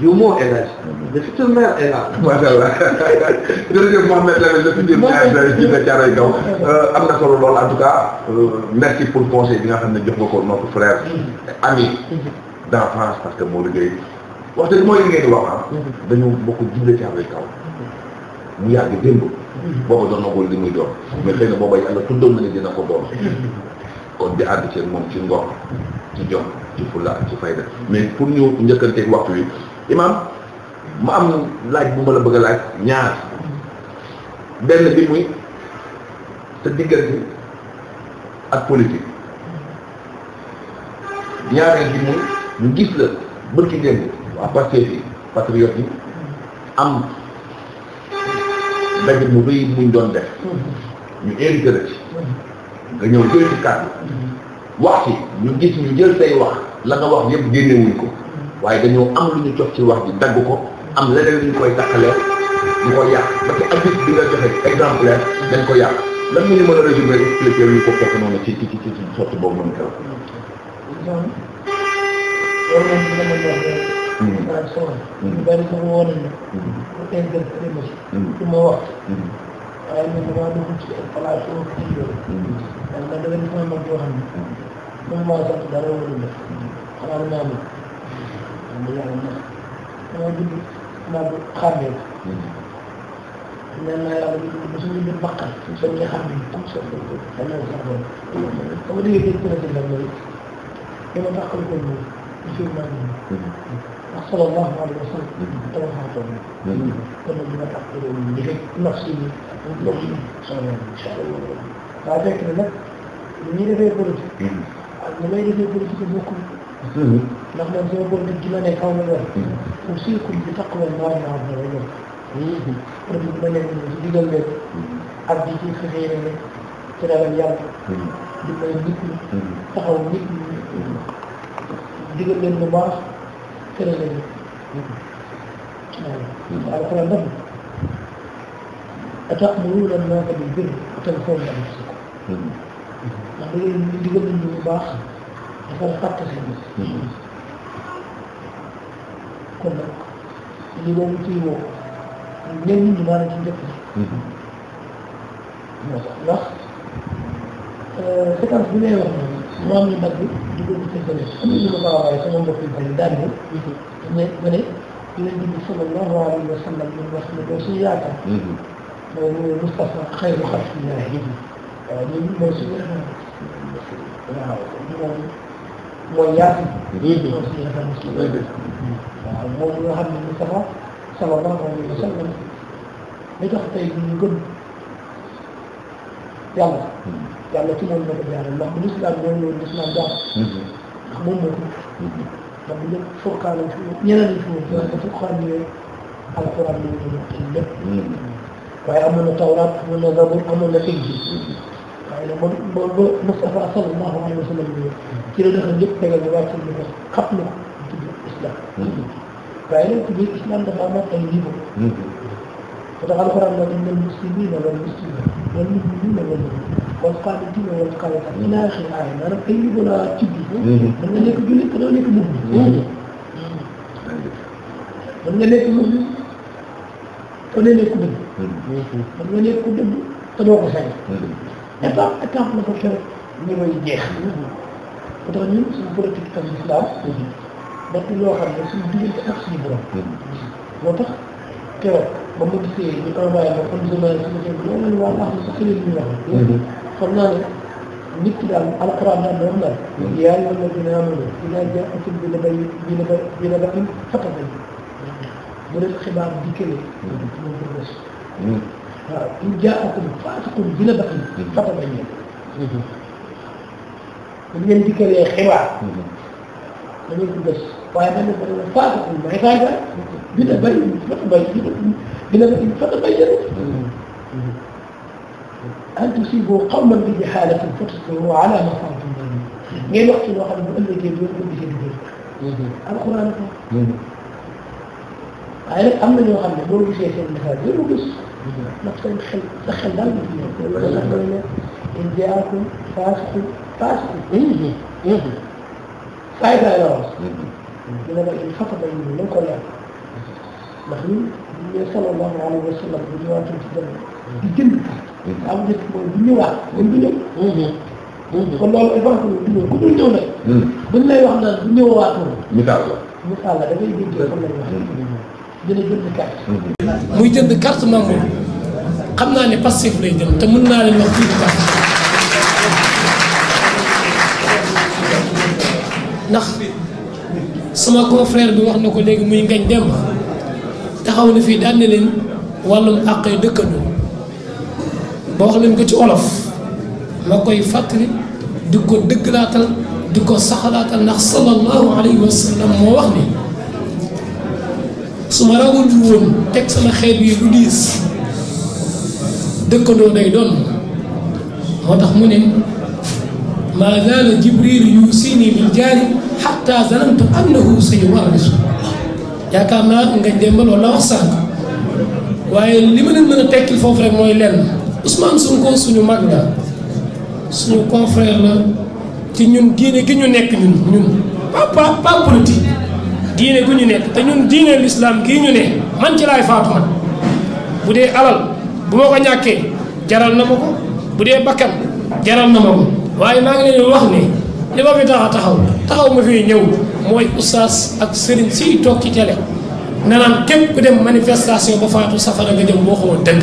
juumoo El Hadj. le mm-hmm. futur maire El Hadj. macha allah jërëjëf Mouhamed Lamine le futur maire Jidda Thiaroye Kaw am na solo lool en tout cas euh, merci pour conseil bi nga xam ne jox nga ko notre frère. Mm-hmm. ami mm-hmm. d'enfance parce que moo liggéey waxtaan bi mooy li ngeen di wax ah. dañu bokk Jidda Thiaroye Kaw mu yàgg démb. booba doonagul li muy doon mais xëy na booba yàlla tuddoon na ne dina ko doon kon di ànd ceeg moom ci ngor ci jom ci fulla ci fayda mais pour ñu njëkkanteeg waxtu wi imaam ma am laaj bu ma la bëgg a laaj ñaar benn bi muy sa diggante ak politique ñaareel bi muy ñu gis la bëgg ci démb waa Pastef yi am ndaje mu rëy muñ doon def ñu invité la ci nga ñëw jël ci kàddu wax ci ñu gis ñu jël say wax la nga wax yëpp génnewuñ ko waaye dañoo am lu ñu cof ci wax ji dagg ko am leneen lu ñu koy takkalee ñu koy yàq ba ci avis bi le joxe dañ ko yàq lan nga ñu mën a résumé expliqué yu ko fekk noonu ci ci ci ci sotti boobu noonu keroog. loolu moom dina mën a wax naan sama ñu bari sama woon nañ ma tey gën tëddee ma ma wax waaye man damaa dugg ci place sama kii yooyu man man dama sama mag yoo xam ne moom maa sant ma man ma yàlla ma dama dugg naa ko xàmmee suñu mbir baqal soo ñu xam ne soo ko dana sax borom dama déggee dégg na si ko moom ci suuf maa ngi صلى الله عليه وسلم توفى كنا بنتعقل من نفسي بعدك nag ni ñu defee politique ni may defee politique bokkul ndax man sama politique gi ma ne xaw ma yor usikum bi taqwallahi azza wa jalla politique ma ne ci digal leen ak di ci fexee ne ci ragal yàlla di may nit ñi taxaw nit ñi digal leen lu baax tëral la ñu waaw alxuraan def atamuruna an-naasa bil birri wa tansawna anfusakum ndax da ngeen di digal nañ bu baax dafa fàtte seen kon nag li boobu ci woo ñenn ñi maanaam ci njëkk moo tax ndax séquence bi lay wax noonu maam yu mag bi dégg sa bële am na lu ma ko waxee sama mbokk yu bëri daal di ne ma ne yonent bi sallallahu alayhi wa sallam ñu wax ne doo suñu yaakaar mooy mooy Moustapha xayru xalqillaahi waaw ñun mooy suñu waaw moom mooy yaatu mooy suñu yaakaar waaw moom nga xam ne Moustapha sallallahu alayhi wa sallam li tax tey ñu gën yàlla hmm. yàlla ci moom la ko jaaree ndax bu lislaam ñoom ñoo lislaam daal hmm. ndax moom moo ko hmm. ndax bu ñëpp furqaan lañ fi ñeneen lañ fi moom parce que furqaan ñëwee alquran ñu ñu lépp waaye amoon na tawraat amoon na zabur amoon na tëj ji waaye nag ba ba ba Mustafa sallallahu alayhi wa sallam bi ci la defal yëpp tegal bi wàcc ñu ko xam na ko tudd islam waaye nag ci biir islam dafa amaat ay niveau ndax alxuraan la ñu mel muslimina wal muslimat wal muminina wal muminat wal qaanitina wal qaanitat ila axiri aaya maanaam ay niveau la tibbi. da nga nekk jullit da nga nekk mumin. mën nga nekk mumin te doo nekk ku dëgg. Mm-hmm. mën nga nekk ku dëgg te doo ko sañ. Mm-hmm. état état la ko keroog ñu koy jeex. ba tax ñun suñu politique ak l'islam mm-hmm. loo xam ne suñu diggante ak suñu borom. moo tax keroog. ba mu gisee ñu envoyé ma comme Zuma yi suñu kër loolu la waa Ahlu Sunna bi ñu wax. Mhm. xam naa ne nit ki daal alxuraan daal doon naan. Mhm. yaa ngi leen di naan dinaa jaaxal bi na bay bi na bay bi na ba am fata bay. bu def xibaar dikkalee. moom ko bës. waaw ñu jaaxal faasiqun bi na ba am fata bay ñëw. bu ngeen dikkalee xibaar. dañoo ko bës. waaye man dafa doon faatu ko may faatu dina bëri dina bëri dina bëri dina bëri أن تصيبوا قوما بجهالة فتصبروا على ما فعلتم ظالمين. غير وقت الواحد يقول لك يقول لك يقول القرآن عارف أما اللي يغنى دول شيء في المهاجر وبس نفس الخل دخل دم إن جاءكم فاسق فاسق فايدة يا راسي dina la indi xasa bay ñu nañ ko leer ndax ñun ñu ne sallallahu alayhi wa sallam bu ñëwaatoon ci jënd di jënd mm-hmm. am njëkk mooy bu ñëwaat dañ du ñëw mm-hmm. kon loolu éventu du ñëw ku dul ñëw nag buñ mm-hmm. lay wax naan bu ñëwaatoon misaal la misaal la da ngay dégg xam nañ wax dina jënd carte muy jënd carte membre xam naa ne passif lay jënd te mën naa leen wax tuuti carte ndax sama confrère bi wax na ko léegi muy ngañ dem taxaw na fii daan na leen wàllum àqee dëkkandoo ba wax leen ko ci olof ma koy fàttali di ko dëgglaatal di ko saxalaatal ndax sallallahu alayhi wa sallam moo teg sama xeet yi lu diis dëkkandoo day doon moo tax mu ne maa zaala jibril yuusini bil jaari xataa zanantu annahu sayuwarrisu yaakaar naa nga démb loolu la wax sànq waaye li ma mën a tekki foofu rek mooy lenn Ousmane Sonko suñu mag la suñu confrère la te ñun diine gi ñu nekk ñun ñun pas pas politique diine gi ñu nekk te ñun diine l'islam gii ñu ne man ci laay faatu man bu dee alal bu ma ko ñàkkee jaral na ma ko bu dee bakkan jaral na ma ko waaye maa ngi leen wax ne. li ma fi a taxaw taxaw ma fi ñëw mooy oustaz ak sëriñ siy toog ci télé nanaan képp ku dem manifestation ba safara nga jëm boo xoo dëgg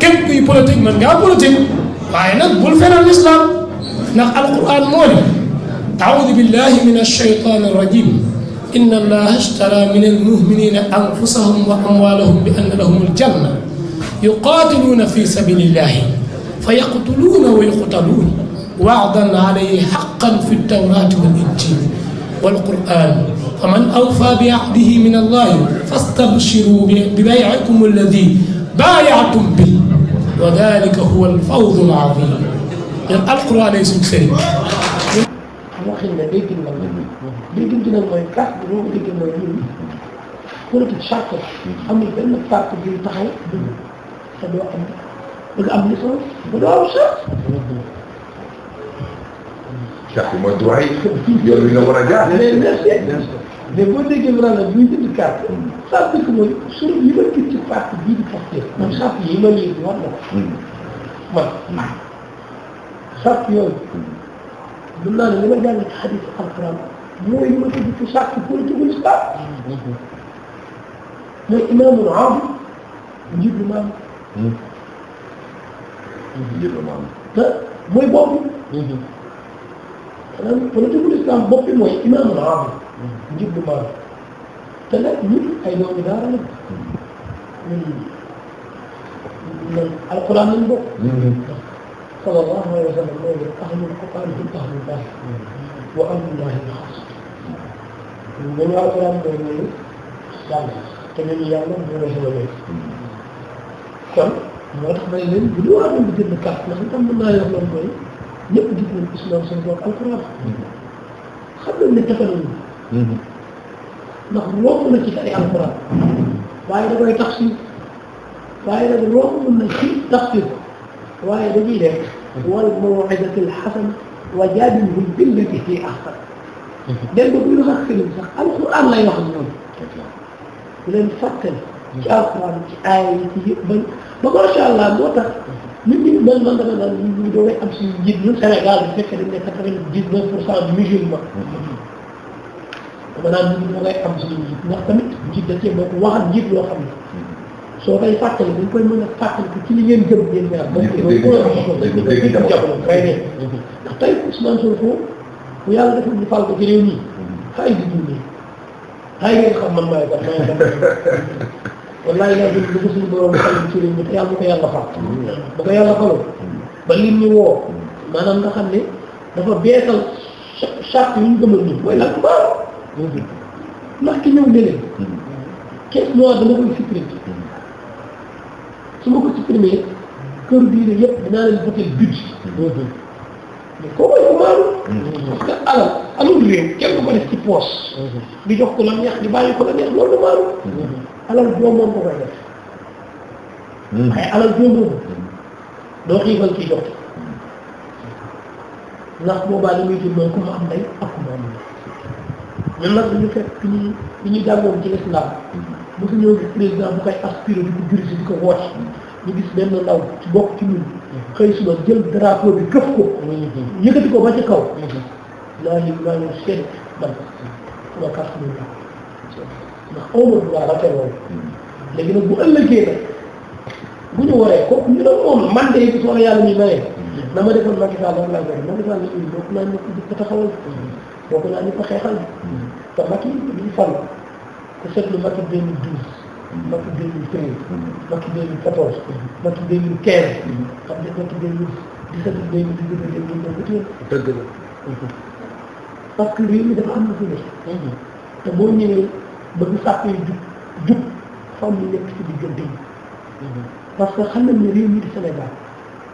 képp kuy politique mën ngaa politique waaye nag bul fenal islam ndax alquran moo ne audu billahi min alcheytan arrajim inna allaha ashtara min almuminina anfusahum wa amwalahum bi anna lahum aljanna yuqatiluuna fi sabilillahi fa yaqtuluuna wa yuqtaluun وعدا عليه حقا في التوراة والإنجيل والقرآن فمن أوفى بعهده من الله فاستبشروا ببيعكم الذي بايعتم به وذلك هو الفوز العظيم yan alquran lay suñu sëriñ. xam nga xëy na déggin na mooy déggin na mooy carte bi moom déggin na mooy politique charte amul benn parti bi taxaw te doo am da nga am licence ba doo am charte carte mooy droit yi yoon wi nga war a jaar. mais merci mais boo déggee maanaam bu ñu jënd carte. sànq hmm. que mooy suñu yi ma gis ci parti bii di porté. moom sànq yi ma léegi war na ko. man hmm. sànq yooyu. mën hmm. naa ne li ma jàng ci xadis alquran mooy li ma dégg ci sànq politique gu l'islam. mooy imaamul am njiitu maam. njiitu maam. te ah, mooy boobu. maanaam politique bu islam bopp bi mooy imaam maam njiit bu maam te nag ñun ay doomi daara la ñun ñun alquran lañ bokk. sallallahu alayhi wa sallam mooy ahlul quran hum ahlul lahi wa ahlullahi xaas ñun waa alquran mooy mooy yàlla te ñun yàlla mooy sama kon moo tax may leen bu ñu waa doon jënd carte ndax itam mën naa yor loolu mooy. ñëpp gis nañ islam seen bopp alquran xam nañ ne tëfaloon ndax romb na ci tari alquran waaye da koy tafsir waaye nag romb na ci tafsir waaye dañuy def wal mawidati alxasan wa jaadilhum billati hi ahsan den ba buy wax sëriñ sax alquran lay wax ñoom leen fàttali ci alquran ci aaya yi ci yëpp ba ba macha allah moo tax nit ñi mel noonu da nga naan ñu doon am suñu njiit ñun Sénégal bu fekkee dañ ne quatre-vingt-dix-neuf pour cent musulman maanaam nit ñi da ngay am suñu njiit ndax tamit njiit da cee bokk waxat njiit loo xam ne soo koy fàttali dañ koy mën a fàttali ci li ngeen gëm ngeen ñaar ba dégg jamono kay ne ndax tey Ousmane Sonko bu yàlla defal ñu fal ko ci réew mi mm-hmm. xaay di dundee xaay ngeen xam man maay kan maay kan wallaay laa jël dugg suñu borom xel ci réew mi te yàlla bu ko yàlla fal bu ko yàlla falul ba lim ñu woo maanaam nga xam ne dafa beesal charte yu ñu gëmal ñun mooy lakk baax ndax ki ñëw ne leen kees noir dama koy supprimer su ma kër bii ne yëpp dinaa leen voté budget kooku ay kumaanu. parce que alal alal réew kenn ko def ci poos. Mm-hmm. di jox ko la neex di bàyyi ko la neex loolu maanu. Mm-hmm. alal boobu moom ko koy def. Mm-hmm. waaye alal boobu doo xiifal ci jox ndax boobaa li muy jur mooy ku mu am ndey ak ku mu am ndey ñun nag dañu fekk bi ñuy bi ñuy jàngoon ci lislaam mosu ñëw président bu koy aspiré di ko dirigé di ko woote ñu gis benn ndaw ci bokk ci ñun. xëy suba jël drapeau bi këf ko. Mm-hmm. yëkkati ko ba ci kaw. naa mm-hmm. ñu naa ñu seet man sama ma droit rafetloo mm-hmm. léegi nag bu ëllëgee bu ñu waree kooku ñu doon woon man de yëpp soo yàlla ñu maye. na ma defoon Macky Sall lan laa la ñu bokk naa ko taxawal. bokk naa ñu ko xeexal. te Macky li ñu fal ku seetlu Macky 2012. mbokki 2015. mbokki 2014. mbokki 2015. xam nga mbokki 2017 2018 dëgg la. parce que réew mi dafa am lu fi ne. te boo ñëwee ba du sàppee jub jub faw ñu nekk ci diggante yi. parce que xam nañ ne réew mi di Sénégal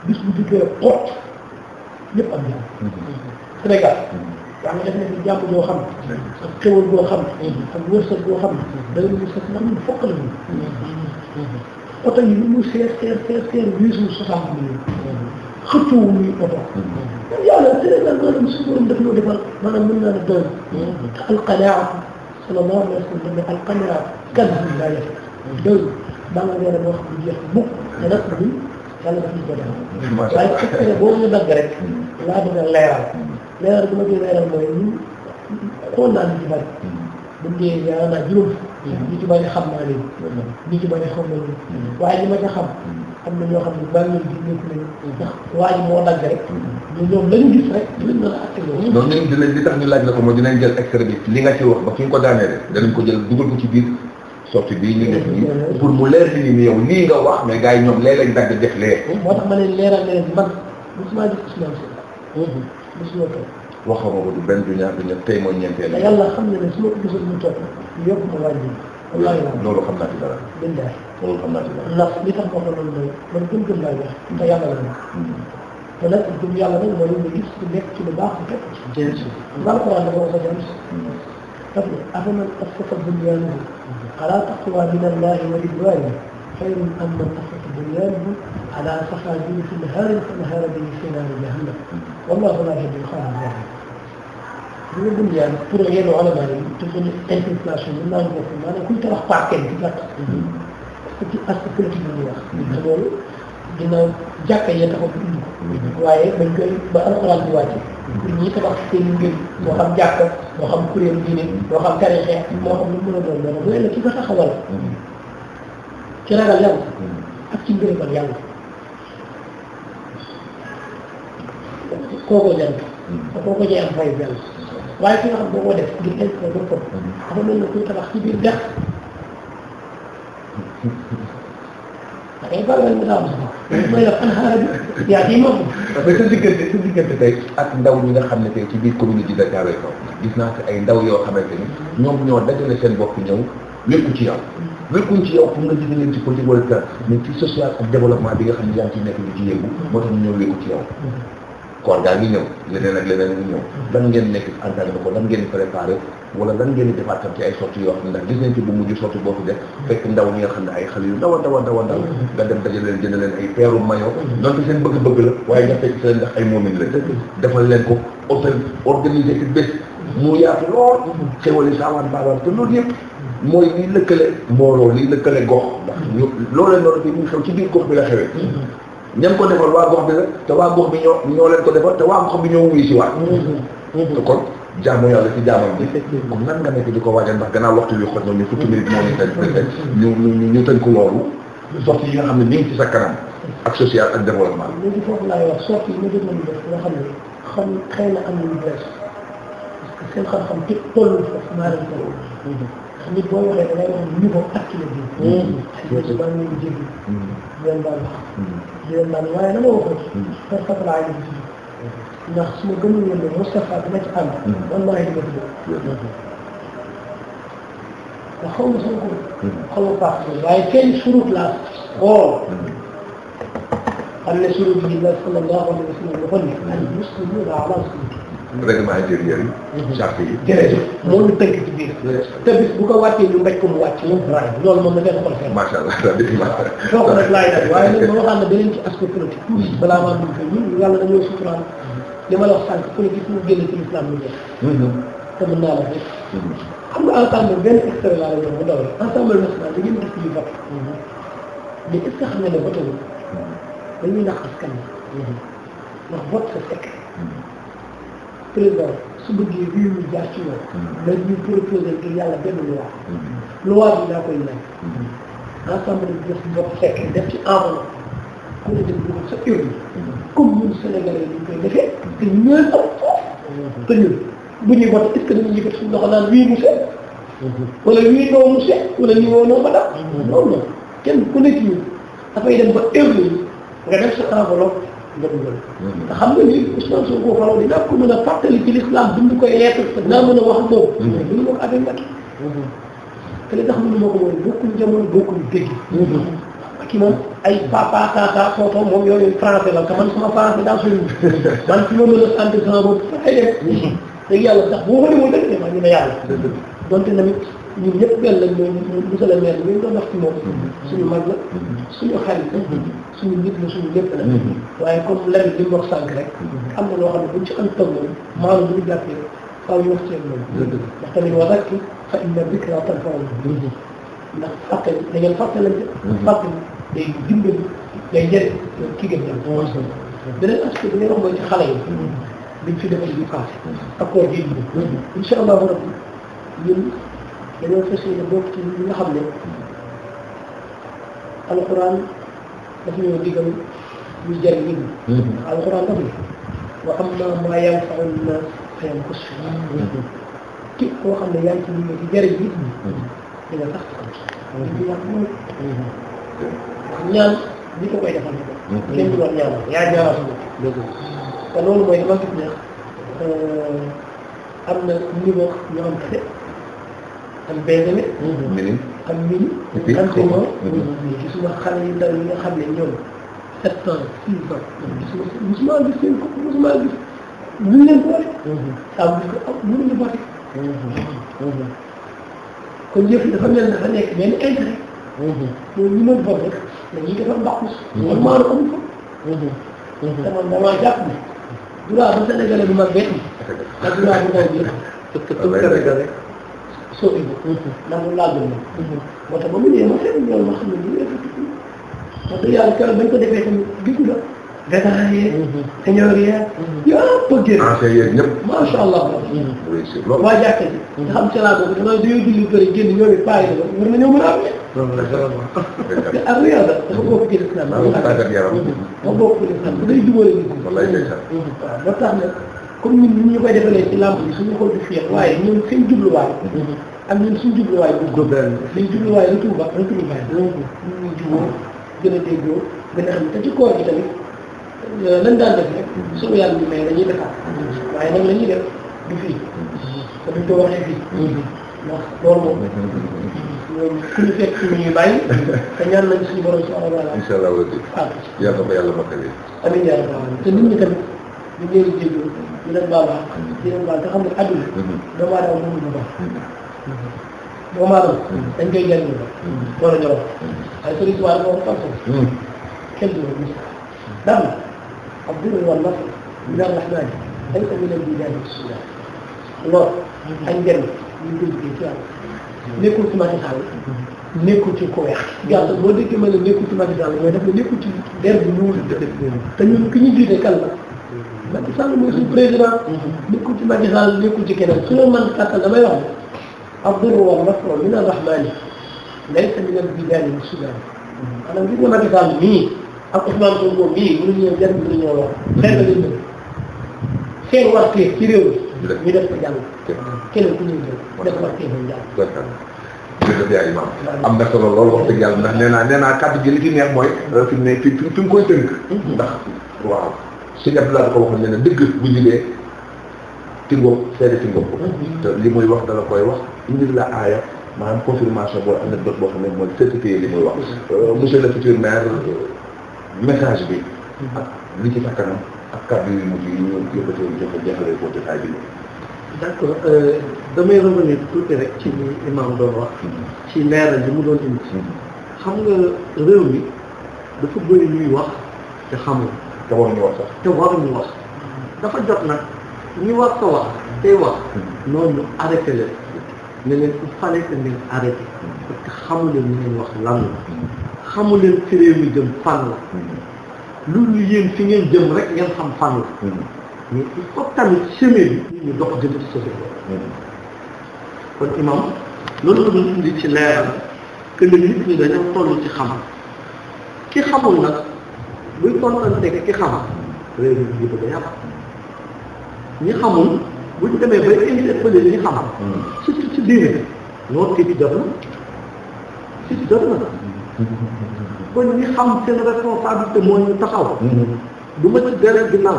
bis bu duggee xoot ñëpp yàlla def na ci jàmm joo xam ne ak xéwal goo xam ne ak wërsëg goo xam ne da ngay wërsëg man fokk la ñu oto yi lu mu seer seer seer seer wiisul soixante millions xëccoowu muy oto yàlla télégal maanaam su borom def loo defal maanaam mën naa la doon te alqanaa sallallahu alayhi wa sallam daf ne alqanaa kanzun laa yafna doy baa nga weere boo xam ne jeex mukk te nag bi yàlla dafa ñu ko defal waaye xëccere boobu ñu dagg rek laa bëgg a leeral leeral bi ma koy leeral mooy ñun xool naa li ci bari. buñ dee yaa naa juróom. li hmm. ci bari xam naa leen. li hmm. ci bari xam naa leen. Hmm. waaye li ma ca xam. am na ñoo xam ne bàyyi nañ gis nekk nañ ndax waa ji moo dagg rek ñu ñoom lañu gis rek dinañ mën a atte loolu noonu ñun dinañ li tax ñu laaj la ko mooy dinañ jël extrait bi li nga ci wax ba fi nga ko daaneele danañ ko jël dugal ko ci biir sortie bii ñu def nii pour mu leer ni ni yow lii nga wax mais gars yi ñoom léeg lañ dagg def lee moo tax ma ne leeral leen man musuma gis Ousmane Sonko mosuloo toog. waxuma ko du benn du ñaar du ñett tey mooy ñeenteel. yàlla xam na ne su ma ko gisul mu toog yokk ma wàññi. wallaahi loolu xam naa ci dara. bindaay loolu xam naa ci dara. ndax li tax ma ko loolu mooy man gëm-gëm laa jox te yàlla la ma. Hmm. te nag gëm yàlla nag mooy nga gis ku nekk ci lu baax te. bien sûr. man ko wax dama ko jëm hmm. si. daf ne afaman asasa bunyaanahu ala taqwa min allahi wa ridwani xayrun am man asasa bunyaanahu ala safa jurufi naharin fa nahara bihi fi naari jahannam hmm. والله لا يجد الخير ذلك يقول يعني ترى يلو على بالي تقول انت فلاش من نار مثل انا كنت راح طاع كان في لقطه ci article bi ñuy wax. te loolu dina jàkka ya taxaw dund. waaye bañ koy ba alxuraan bi wàcce. pour ñi tabax seen ngir moo xam jàkka moo xam kuréel diine moo xam tarixe moo xam lu mën a doon loolu bu ëllëg ki ko taxawal. ci ragal yàlla ak ci ngërëmal yàlla. kooku jant mm. te kooku jee am fay benn waaye ki nga xam boo ko def ngir intérêt boppam dafa mel ne kuy tabax ci biir dex da ngay bàyyi mu daaw mooy def anhaar bi yaa ciy mokk. mais sa diggante sa diggante tey ak ndaw ñi nga xam ne tey ci biir commune bi da jaaree kaw gis naa fi ay ndaw yoo xamante ni ñoom ñoo dajale seen bopp ñëw wékku ci yow. wékkuñ ci yow pour nga jënd leen ci politique wala mais ci social ak développement bi nga xam ne yaa ngi ciy nekk di ci yëngu moo tax ñu ñëw wékku ci yow. Mm-hmm. koor gaa ngi ñëw leneen ak leneen ngi ñëw lan ngeen nekk entraîné ko lan ngeen préparé wala lan ngeen defaat ci ay sorties yoo xam ne ndax gis nañ ci bu mujj sortie boo fi def mm-hmm. fekk ndaw ñi nga xam ne ay xale yu ndaw a ndaw a ndaw a ndaw mm-hmm. nga dem dajale leen jënd leen ay peeru maillot mm-hmm. donc seen bëgg-bëgg la waaye nga fekk seen ndax ay moomin la defal leen ko open organiser ci mu yaatu lool xewali saawaan baawaan te loolu yëpp mooy liy lëkkale mbooloo liy lëkkale gox ndax loolu fi ñu ci biir gox bi la xewee ñam ko defal waa gox bi la te waa gox bi ñoo ñoo leen ko defal te waa gox bi ñoo wuyu mm-hmm. ci jaamam bi nga nekk di ko a ndax gannaaw waxtu bi xoj na ñu fukki minute ñu tëj ñu ñu tëj ko yi xam ne ñu ngi ci sa kanam ak social ak développement a foofu laay wax sorti yi ñu na am nañu bees boo waxee da ngay wax niveau activité bi baa ngi jéggi mm-hmm. di leen naan waaye dama waxoon. par rapport ak ay ndax su ma gënoon woon ne Moustapha dina ci ànd. man maa ngi ndax xaw ma sama ko. Hmm. xaw ma baax waaye kenn surut laa xool. Hmm. xam ne surut bi la sallallahu alayhi wa sallam waxoon ne al muslimuuna ala règlement intérieur yi. Mhm. charte yi jërëjëf. moo ñu tënk ci biir. te bis bu ko wàccee ñu mbéj ko mu wàcc moom. loolu moom la ngeen xool seen. macha allah daal dëgg la. rek laay def waaye nag ma waxaat na beneen ci aspect politique. Mhm. tuuti balaa maa dugg ñun yàlla dañoo suturaal mhm. li ma la wax sànq politique mu génne ci islam mu jeex. te mën naa la def. xam nga ensemble benn extrait laa lay bu ndaw la ensemble national da ngeen gis ñu vote. mais est ce que xam nga ne vote dañuy nax askan wi. ndax vote sa secret président su bëggee réew mi jaar ci yoon. Mm-hmm. mais ñu proposé ngir yàlla benn loi. Mm-hmm. loi bi daa koy ñaan. Mm-hmm. ensemble bi def mbokk fekk def ci enveloppe. ku ne dem dugal sa urne. comme ñun Sénégalais yi ñu koy defee. te ñooy am foofu. te ñun bu ñuy vote est-ce que dañuy yëkkati suñu loxo naan wii monsieur. wala wii noo wala nii woo noo madame. non non kenn ku nekk a dafay dem ba urne yi nga def sa enveloppe. njëriñam. te xam nga ni Ousmane Sonko faraw dinaa ko mën a fàttali ci l'islam bind koy lettre te dinaa mën a wax ak moom. mais mënu ma ko amee Macky. te li tax mënu ma ko mooy bokkuñ jamono bokkuñ dégg. Macky moom ay papa tata tonton moom yooyu français la te man sama français daa sori man fi ma mën a sant sama bopp ay dem. léegi yàlla sax boo ko demoon rek damaa ñu ne yàlla. donte tamit. ñun ñëpp benn lañ mooy monsieur le maire bi ñu doon wax ci moom suñu mag la suñu xarit la suñu nit la suñu lépp la waaye comme lenn li mu wax sànq rek am na loo xam ne buñ ci am toog moom maanaam bu ñu jàppee faaw ñu wax ci moom ndax tamit wa zakki fa inna dikra tanfa'u ndax fàttali da ngeen fàttalante fàttali day dimbali day njëriñ kii gën jëm beneen aspect bi ngay wax mooy ci xale yi biñ fi defal yu passé accord ji bi incha allahu rabbi ñun dañoo fas yéene bokk ci ñi nga xam ne alxuraan daf ñoo digal ñu jëriñ nit ñi. Mm-hmm. alxuraan daf ne wa amma maa yanfa'u nnaas fa yanqus ki koo xam ne yaa ngi ci li nga ci jëriñ nit ñi mm-hmm. di nga sax ci xam. Mm-hmm. ndax ñaan ñi ko koy defal ko. kenn du war ñaan yaa ñaanal te loolu mooy dafa gis ne euh, am na niveau ñoo xam te xam benn mm-hmm. mini xam mini xam témoin mm-hmm. mm-hmm. gisuma xale yu ndaw yi nga xam ne ñoom sept ans six ans gisuma musuma gis seen ko musuma gis luñ leen boole am gis ko am mënuñu boole kon yëf yi dafa mel ne dafa nekk benn intérêt loolu ñu mën boole dañuy defar mbaqus man maano amu ko dama damaa jàpp ne droit bu sénégalais bu mag bett la droit bu ndaw bi soo indi. ndax mu laaj la moom. moo tax ba mu ñëwee ma seetlu loolu ma xam ne lii parce que yàlla keroog bañ ko defee tamit gis nga. vétérans yeeg. seniors yeeg. yëpp a génn. anciens ah, yeeg ñëpp. macha allah. oui si loolu waa jàkka ji. nga xam ci laa boobu damaa dañoo julli bëri génn ñoom it bàyyi la war nañoo mën a am. loolu la vraiment. te am na yàlla dafa bokk ci lislaam. Ah, dafa bokk ci lislaam bu day jubóole nit ñi. wallaay ndeysaan. waaw ba tax na. comme ñun ñun ñu koy defalee ci làmb bi suñu xool du waaye ñun seen jubluwaay. ak ñun suñu jubluwaay bu góob daal la. suñu jubluwaay retour ba retour ba loolu ñun ñu a a xam tamit euh, lan daan def rek suñu yàlla ñu may dañuy defaat. waaye nag la ñuy def du fii. te duñ ko waxee ba yàlla di leen baal wax di leen baal te xam ne àdduna mm-hmm. doomu aadama mënu ko baax mm-hmm. mm-hmm. doomu aadama dañ koy jëriñu ko war a ñoroo waaye sëriñ Tuubaa dafa wax façon kenn du gis dam abdul wal nasr min arrahman laysa min albidaani bismillah lool ak njëriñ ñu déggee ci yàlla nekkul ci Macky Sall nekkul ci ku weex yàlla boo déggee ma ne nekkul ci Macky Sall mooy daf ne nekkul ci der bu ñuul te ñun ki ñu jiite kan la Macky Sall mooy suñu président. nekkul ci Macky Sall nekkul ci keneen su doon mën kàttan damay wax abdour wa nafru min arrahmani laysa min albidaani wa sudan maanaam gis nga Macky Sall mii ak Ousmane Sonko mii mënuñu ñëw jar mënuñu ñëw wax xëy na liñ seen waxtee ci réew mi ñu def ko jàll keneen ku ñuy jël def waxtee ñu jàll jërëjëf yaay imam am na solo loolu wax dëgg yàlla ndax nee naa nee naa kàddu gi li ci neex mooy fi mu ne fi fi mu koy tënk mm-hmm. ndax waaw sëñ Abdoulaye da ko waxoon ne ne dëgg bu ñu dee tingoom seede ko li muy wax dala koy wax indil la aaya maanaam confirmation boo am na boo xam ne mooy certifié li muy wax euh, monsieur le futur maire message bi ak li ci fakkanam ak kàddu yu mujj yi ñu yëkkatee joxe jeexalee bi d' accord euh, damay revenir tuuti rek ci li imam doon wax hmm. ci leeral li mu doon indi hmm. xam nga réew mi dafa bëri luy wax te xamul te waruñu wax sax. te wax dafa jot nag ñu war ko wax tey wax noonu hmm. ñu arrêté leen ne leen il fallait que ngeen arrêté hmm. parce que xamu leen li wax lan hmm. xamu leen ci réew mi jëm fan la loolu yéen fi ngeen jëm rek ngeen xam fan la mais il faut tamit chemin bi ñu dox jëm ci société kon imam loolu la doon indi ci leeral que ne nit ñi dañoo toll ci xam ki xamul nag buy kontanteeg ki xam réew mi di bëgg a yàq ñi xamul buñ demee ba interpellé ñi xam. surtout ci diine noor kii bi jot na kon ñi xam seen responsabilité mooy ñu taxaw. du ma ci deret ginnaaw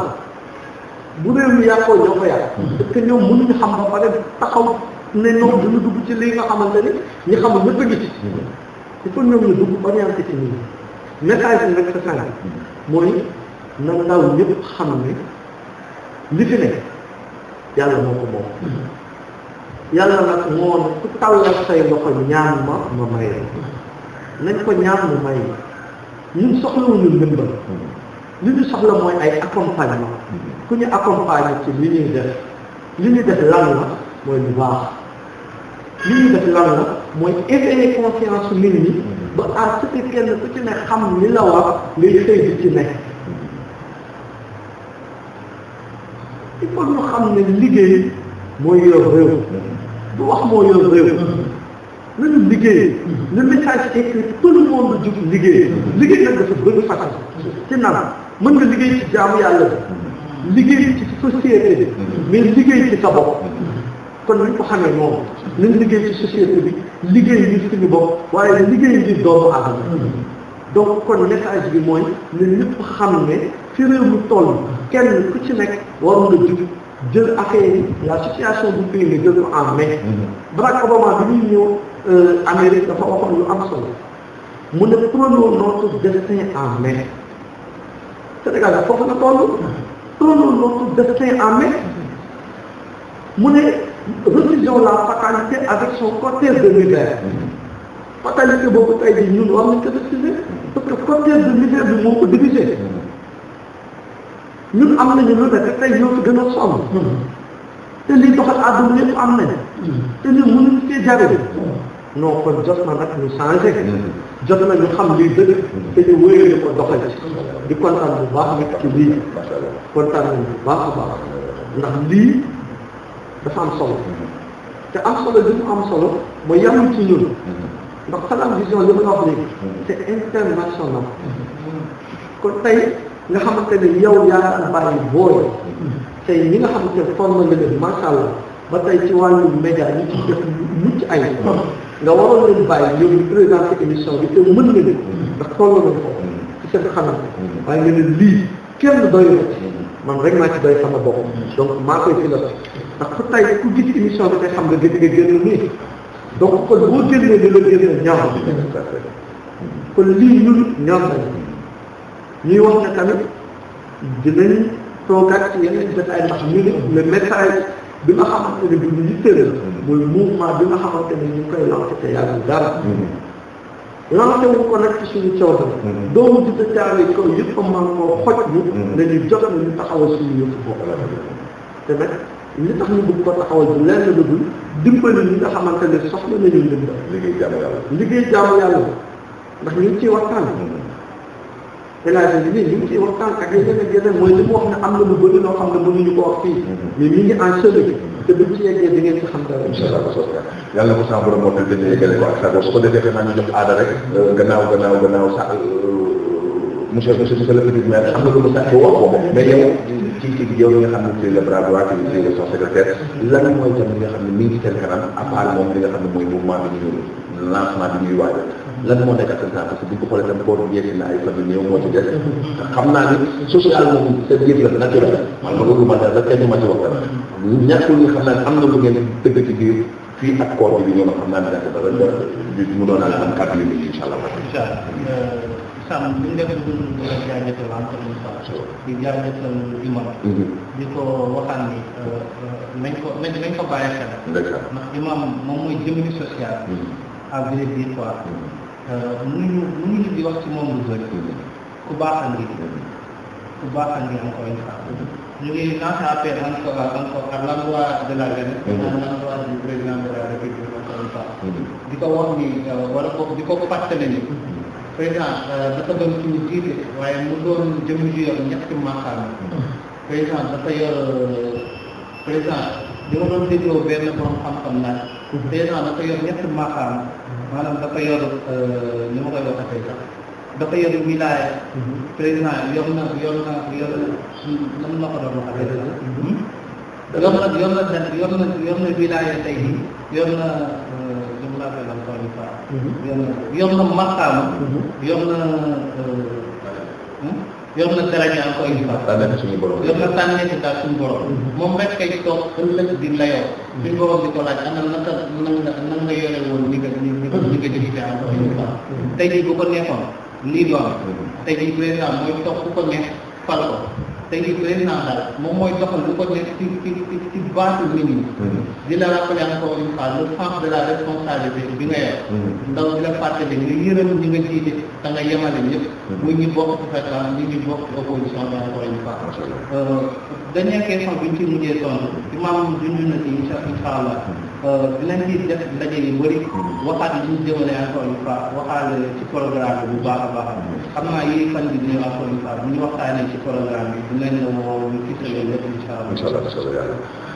bu réew mi yàqoo ñoo ko yàq. parce que ñoom mënuñu xam ba pare taxaw ne ñoom duñu dugg ci lii nga xamante ni ñi xamul ñëpp a ngi ci. il faut ñoom ñu dugg orienté ci ñun. message bi nag sa sànni mooy na ndaw ñëpp xam ne li fi ne yàlla moo ko moom yàlla nag moo ne ku tàllal say loxo ñaan ma ma may nañ ko ñaan mu may ñun soxlawuñu ndimbal li ñu soxla mooy ay accompagnement ku ñu accompagner ci li ñuy def li ñuy def lan la mooy lu baax li ñuy def lan la mooy éveiller conscience su nit ñi ba a ce que kenn ku ci ne xam li la wax ngay xëy di ci nekk il faut ñu xam ne liggéey mooy yor réew du wax moo yor réew nañu liggéey le message est que tout le monde jug liggéey liggéey nag dafa bëgg façon ci nan mën nga liggéey ci jaamu yàlla bi liggéey ci société mais liggéey ci sa kon nañ ko xamee moom nañ liggéey ci société bi liggéey bi suñu bopp waaye liggéey bi doomu aadama donc kon message bi mooy ne ñëpp xam ne fi réew mi toll kenn ku ci nekk war nga jug jël affaire yi la situation bu pays nga jël ko en mm-hmm. Obama bi ñuy ñëw euh, Amérique dafa waxoon lu am mu ne prenons notre destin en main Sénégal mm-hmm. mu ne refusons la fatalité avec son cortège de misère fatalité boobu tey jii ñun war nañ ko refuser parce que cortège de misère bi moo ko divisé ñun am nañu lu nekk tey ñoo fi gën a sonn te li doxal àdduna ñëpp am nañ te ñu mënuñ ci jariñ non kon jot na nag ñu changé jot na ñu xam liy dëgg te ñu wéyale ko doxal ci di kontaan bu baax nit ci kontaan nañ bu baax a lii dafa am solo te am solo li am solo mooy yamul ci ñun ndax Salam Vision li ma la wax léegi c'est international kon tey nga xamante ne yow yaa am bàyyi boole tey ñi nga xamante ne forme nga leen macha allah ba tey ci wàllu média ñu ci def mucc ay nga waroon leen bàyyi yow ñu présenté émission bi te mën nga leen ndax toll nañ ko ci seen xanam waaye nga ne lii kenn doy man rek maa ci doy sama bopp donc maa koy piloté ndax ku tay ku gis émission bi tey xam nga gën nga gën a nii donc kon boo jëlee li la gën a ñaaw kon lii ñun ñoom lañ ñuy wax ne tamit dinañ toogaat ci yeneen jotaay ndax ñu ne le bi nga xamante ne bi ñu yitteel mooy ñu koy lancé te yàlla dara lancé wu ko nag ci suñu cawta doomu di sa caare kaw yëpp a man moo xoj ñu mm-hmm. jot nañu taxawal suñu yëpp bopp te nag li tax ñu bëgg ko taxawal bi lenn lu dul dimbali ñi nga xamante ne soxla nañu li liggéey jaamu yàlla liggéey jaamu yàlla ndax ñu ngi ciy waxtaan élage bi nii ñu ngi ciy waxtaan ak yeneen ak yeneen mooy li mu wax ne am na lu bëri loo xam ne mënuñu ko wax fii mm-hmm. mais ñu ngi en chemin mm-hmm. te buñ ci yeggee di ngeen ci xam dara incha allah basoa yàlla ko sa borom moo tax dañu yeggale ko ak sago su ko defee xanaa ñu jox aada rek euh, gannaaw gannaaw gannaaw sa euh, monsieur monsieur monsieur le président am na lu mu sàkk wax ko mais kii kii yow nga xam ne c'est le bras droit lan mooy tam li nga xam ne mi ngi seen kanam à part moom li nga xam ne mooy mouvement bi ñu lancement bi lan moo nekk a sa parce que bu ñu ko xoolee tam boo yeesi na ay famille néew moo ci des xam naa ni social moom seen yëf la naturel man ma bëgg ma da kenn ma ci wax dara ñàkkul ni xam naa ne am na lu ngeen dëgg ci biir fii ak koor bi ñoom xam naa ne dara mu doon naan am kàddu yu incha allah sàmm liñ defal dund di la jaajëfal wante ñu sax di jaajëfal imam di ko waxal ni nañ ko nañ ko bàyyi xel ndax imam moom mooy jëmmi social à vrai dire quoi mënuñu mënuñu di wax ci moom lu bëri ku baax a ngi ku baax a ngi encore une fois ñu ngi lancé appel encore encore à l'endroit de la jeunesse à l'endroit du président de la République encore une fois di ko wax ni wala ko di ko ko fàttali ni président eh, dafa doon suñu jiite waaye mu doon jëm ji yor ñetti maqaama président dafa yor président di ma doon dégloo benn borom xam-xam laaj président dafa yor ñetti maqaama maanaam dafa yor li ma koy waxatee sax dafa yor wilaaya président yor na yor na yor na nan la ko doon waxatee yor na yor na yor na wilaaya tey yor na li ma laa koy wax yor na maqaama. yor na yor na mhm. euh, daraja encore une fois. tànneeku suñu borom yor na tànneeku daal suñu borom. Mhm. moom rek kay toog ëllëg di layoo. Mhm. suñu borom di ko laaj ana naka nga yore woon ni nga ni ni nga jëfee encore une fois. tey jii bu ko neexoon lii doon. tey jii président mooy toog ku ko neex fal ko. tey jii président daal moom mooy doxal lu ko nekk ci ci ci ci baatu mm-hmm. di la rappeler encore une fois le sens de la responsabilité bi nga yor. Mm-hmm. ndaw di la fàttali nga yërëm ñi nga jiite te nga yemale ñëpp. Mm-hmm. muy ñu bokk ci fekk ñu ñu bokk ci opposition bi encore une fois. dernière question bi ñu ci mujjee tontu imam junj na ci incha allah euh, dinañ ci def ndaje yu waxaat yi ñu jëmale encore une fois waxaat ci programme bi bu baax a baax xam naa yi fan bi ñu encore une fois bu ñu ci programme bi dinañ la woo ñu ci